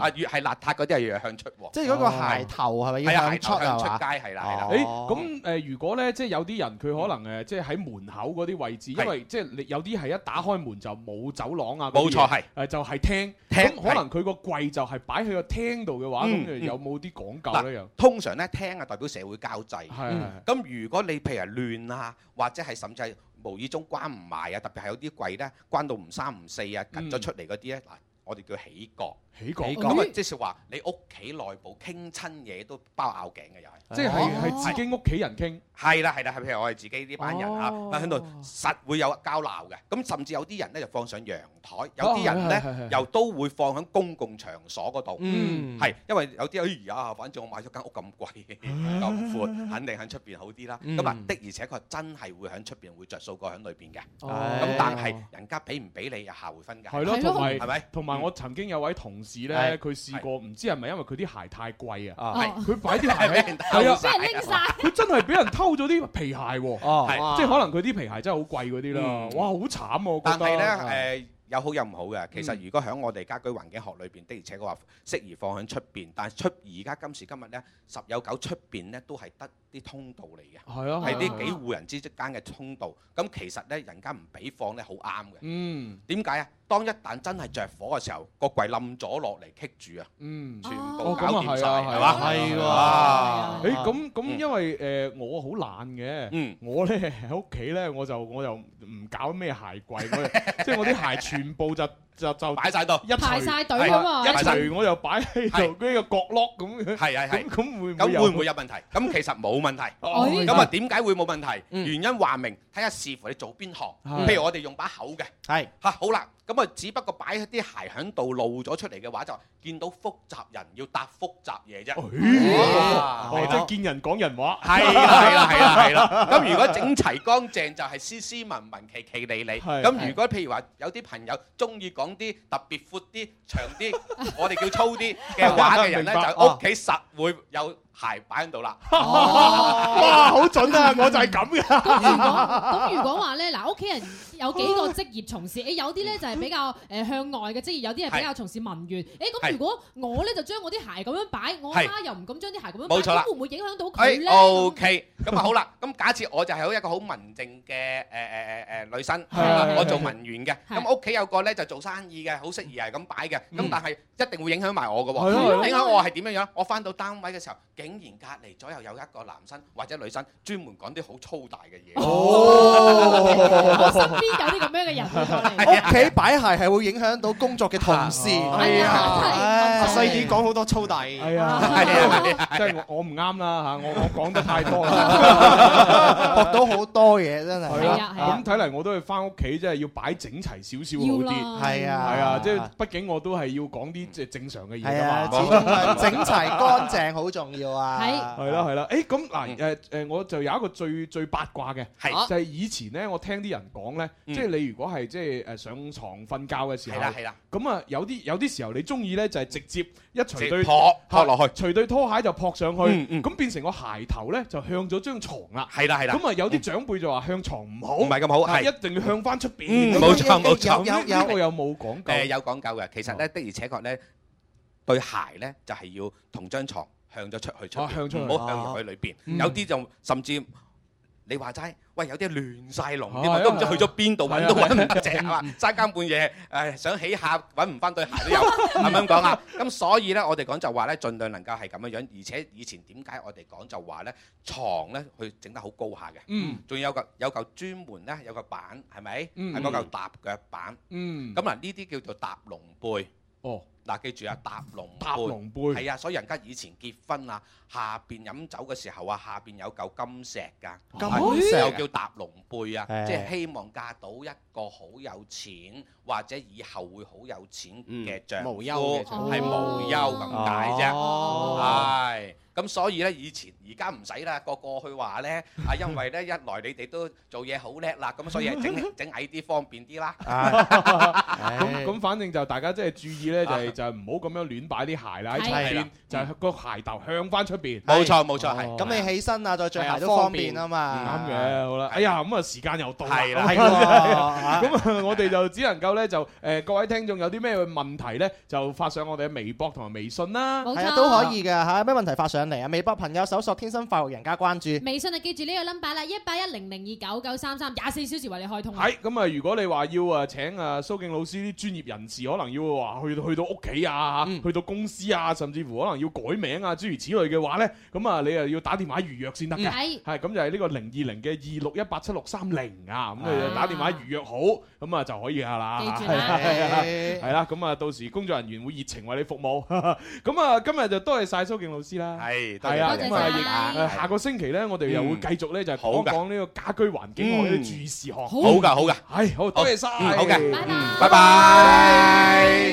啊越係邋遢嗰啲係越向出喎。即係嗰個鞋頭係咪要向出？出街係啦係啦。誒咁誒，如果咧即係有啲人佢可能誒，即係喺門口嗰啲位置，因為即係你有啲係一。打開門就冇走廊啊！冇錯，係誒、呃、就係、是、廳。咁廳可能佢個櫃就係擺去個廳度嘅話，咁、嗯、有冇啲講究咧？又、嗯、通常呢廳啊代表社會交際。咁、嗯、如果你譬如係亂啊，或者係甚至係無意中關唔埋啊，特別係有啲櫃呢，關到唔三唔四啊，緊咗出嚟嗰啲呢，嗱、嗯、我哋叫起角。起講，即係話你屋企內部傾親嘢都包拗頸嘅又係，即係係自己屋企人傾。係啦係啦，譬如我係自己呢班人嚇，喺度實會有交鬧嘅。咁甚至有啲人咧就放上陽台，有啲人咧又都會放喺公共場所嗰度。嗯，係因為有啲哎呀，反正我買咗間屋咁貴咁闊，肯定喺出邊好啲啦。咁啊的而且確真係會喺出邊會著數過喺裏邊嘅。咁但係人家俾唔俾你又下回分解。係咯，同埋係咪？同埋我曾經有位同。試咧，佢試過唔知係咪因為佢啲鞋太貴啊？啊，佢擺啲鞋俾人，係啊，俾人拎曬，佢真係俾人偷咗啲皮鞋喎！啊，即係可能佢啲皮鞋真係好貴嗰啲啦。哇，好慘啊！但係咧，誒有好有唔好嘅。其實如果喺我哋家居環境學裏邊，的而且確話適宜放喺出邊，但係出而家今時今日咧，十有九出邊咧都係得啲通道嚟嘅，係啊，係啲幾戶人之間嘅通道。咁其實咧，人家唔俾放咧，好啱嘅。嗯，點解啊？當一旦真係着火嘅時候，個櫃冧咗落嚟棘住啊！嗯，全部搞掂晒，係嘛、嗯？係、哦、喎，咁、哦、咁，因為誒、呃、我好懶嘅，嗯、我咧喺屋企咧，我就我就唔搞咩鞋櫃，即係 (laughs) 我啲、就是、鞋全部就。就就擺曬度，一排曬隊啊嘛！一齊我又擺喺做呢個角落咁。係係係，咁會唔會有問題？咁其實冇問題。哦，咁啊點解會冇問題？原因話明，睇下視乎你做邊行。譬如我哋用把口嘅，係嚇好啦。咁啊，只不過擺啲鞋喺度露咗出嚟嘅話，就見到複雜人要搭複雜嘢啫。哦，即係見人講人話。係啦係啦係啦。咁如果整齊乾淨，就係斯斯文文、其其俐俐。咁如果譬如話有啲朋友中意講。講啲特別闊啲、長啲， (laughs) 我哋叫粗啲嘅話嘅人咧， (laughs) 就屋企實會有。鞋擺喺度啦，哇，好準啊！我就係咁嘅。咁如果咁如果話咧，嗱，屋企人有幾個職業從事，誒有啲咧就係比較誒向外嘅職業，有啲係比較從事文員。誒咁，如果我咧就將我啲鞋咁樣擺，我媽又唔敢將啲鞋咁樣擺，會唔會影響到佢？誒，OK，咁啊好啦，咁假設我就係好一個好文靜嘅誒誒誒誒女生，我做文員嘅，咁屋企有個咧就做生意嘅，好適宜係咁擺嘅，咁但係一定會影響埋我㗎喎，影響我係點樣樣？我返到單位嘅時候，竟然隔離左右有一個男生或者女生專門講啲好粗大嘅嘢，我身邊有啲咁樣嘅人，屋企擺鞋係會影響到工作嘅同事。係啊，細啲講好多粗大嘢。係啊，係啊，即係我唔啱啦嚇，我我講得太多啦，學到好多嘢真係。係啊，咁睇嚟我都係返屋企，真係要擺整齊少少好啲。係啊，係啊，即係畢竟我都係要講啲即係正常嘅嘢啊嘛。始終係整齊乾淨好重要。係，係啦，係啦。誒，咁嗱，誒，誒，我就有一個最最八卦嘅，係就係以前咧，我聽啲人講咧，即係你如果係即係誒上床瞓覺嘅時候，啦，係啦。咁啊，有啲有啲時候你中意咧，就係直接一除對拖，拖落去，除對拖鞋就撲上去，咁變成個鞋頭咧就向咗張床啦，係啦，係啦。咁啊有啲長輩就話向床唔好，唔係咁好，係一定要向翻出邊。嗯，冇錯冇錯，有有呢有冇講究？有講究嘅，其實咧的而且確咧對鞋咧就係要同張床。向咗出去出，唔好向入去裏邊。有啲就甚至你話齋，喂有啲亂曬龍，都唔知去咗邊度，揾都揾唔到隻啊！三更半夜，誒想起下揾唔翻對鞋都有係咁樣講啊。咁所以咧，我哋講就話咧，儘量能夠係咁樣樣，而且以前點解我哋講就話咧，床咧佢整得好高下嘅，仲有個有嚿專門咧有嚿板係咪？係嗰嚿搭腳板。咁嗱，呢啲叫做搭龍背。哦。嗱，記住啊，搭龍背，係啊，所以人家以前結婚啊，下邊飲酒嘅時候啊，下邊有嚿金石㗎，金石叫搭龍背啊，即係希望嫁到一個好有錢或者以後會好有錢嘅丈夫，係無憂咁解啫，係。咁所以咧，以前而家唔使啦，個過去話咧，啊，因為咧一來你哋都做嘢好叻啦，咁所以整整矮啲方便啲啦。咁咁，反正就大家即係注意咧，就係。就係唔好咁樣亂擺啲鞋啦，喺出邊就係個鞋頭向翻出邊。冇錯冇錯，係咁你起身啊，再着鞋都方便啊嘛。啱嘅好啦，哎呀咁啊時間又到啦，係啦，咁啊我哋就只能夠咧就誒各位聽眾有啲咩問題咧，就發上我哋嘅微博同埋微信啦，冇錯都可以嘅嚇。咩問題發上嚟啊？微博朋友搜索天生快活人，人家關注。微信就記住呢個 number 啦，一八一零零二九九三三，廿四小時為你開通。係咁啊，如果你話要啊請啊蘇敬老師啲專業人士，可能要話去去到屋。企啊，去到公司啊，甚至乎可能要改名啊，諸如此類嘅話呢。咁啊你又要打電話預約先得嘅，係咁就係呢個零二零嘅二六一八七六三零啊，咁啊打電話預約好，咁啊就可以係啦，係啦，咁啊到時工作人員會熱情為你服務。咁啊今日就多謝晒蘇敬老師啦，係係啊，多謝晒，下個星期呢，我哋又會繼續呢，就講講呢個家居環境安全注意事項，好噶好噶，係好多謝晒，好嘅，拜拜。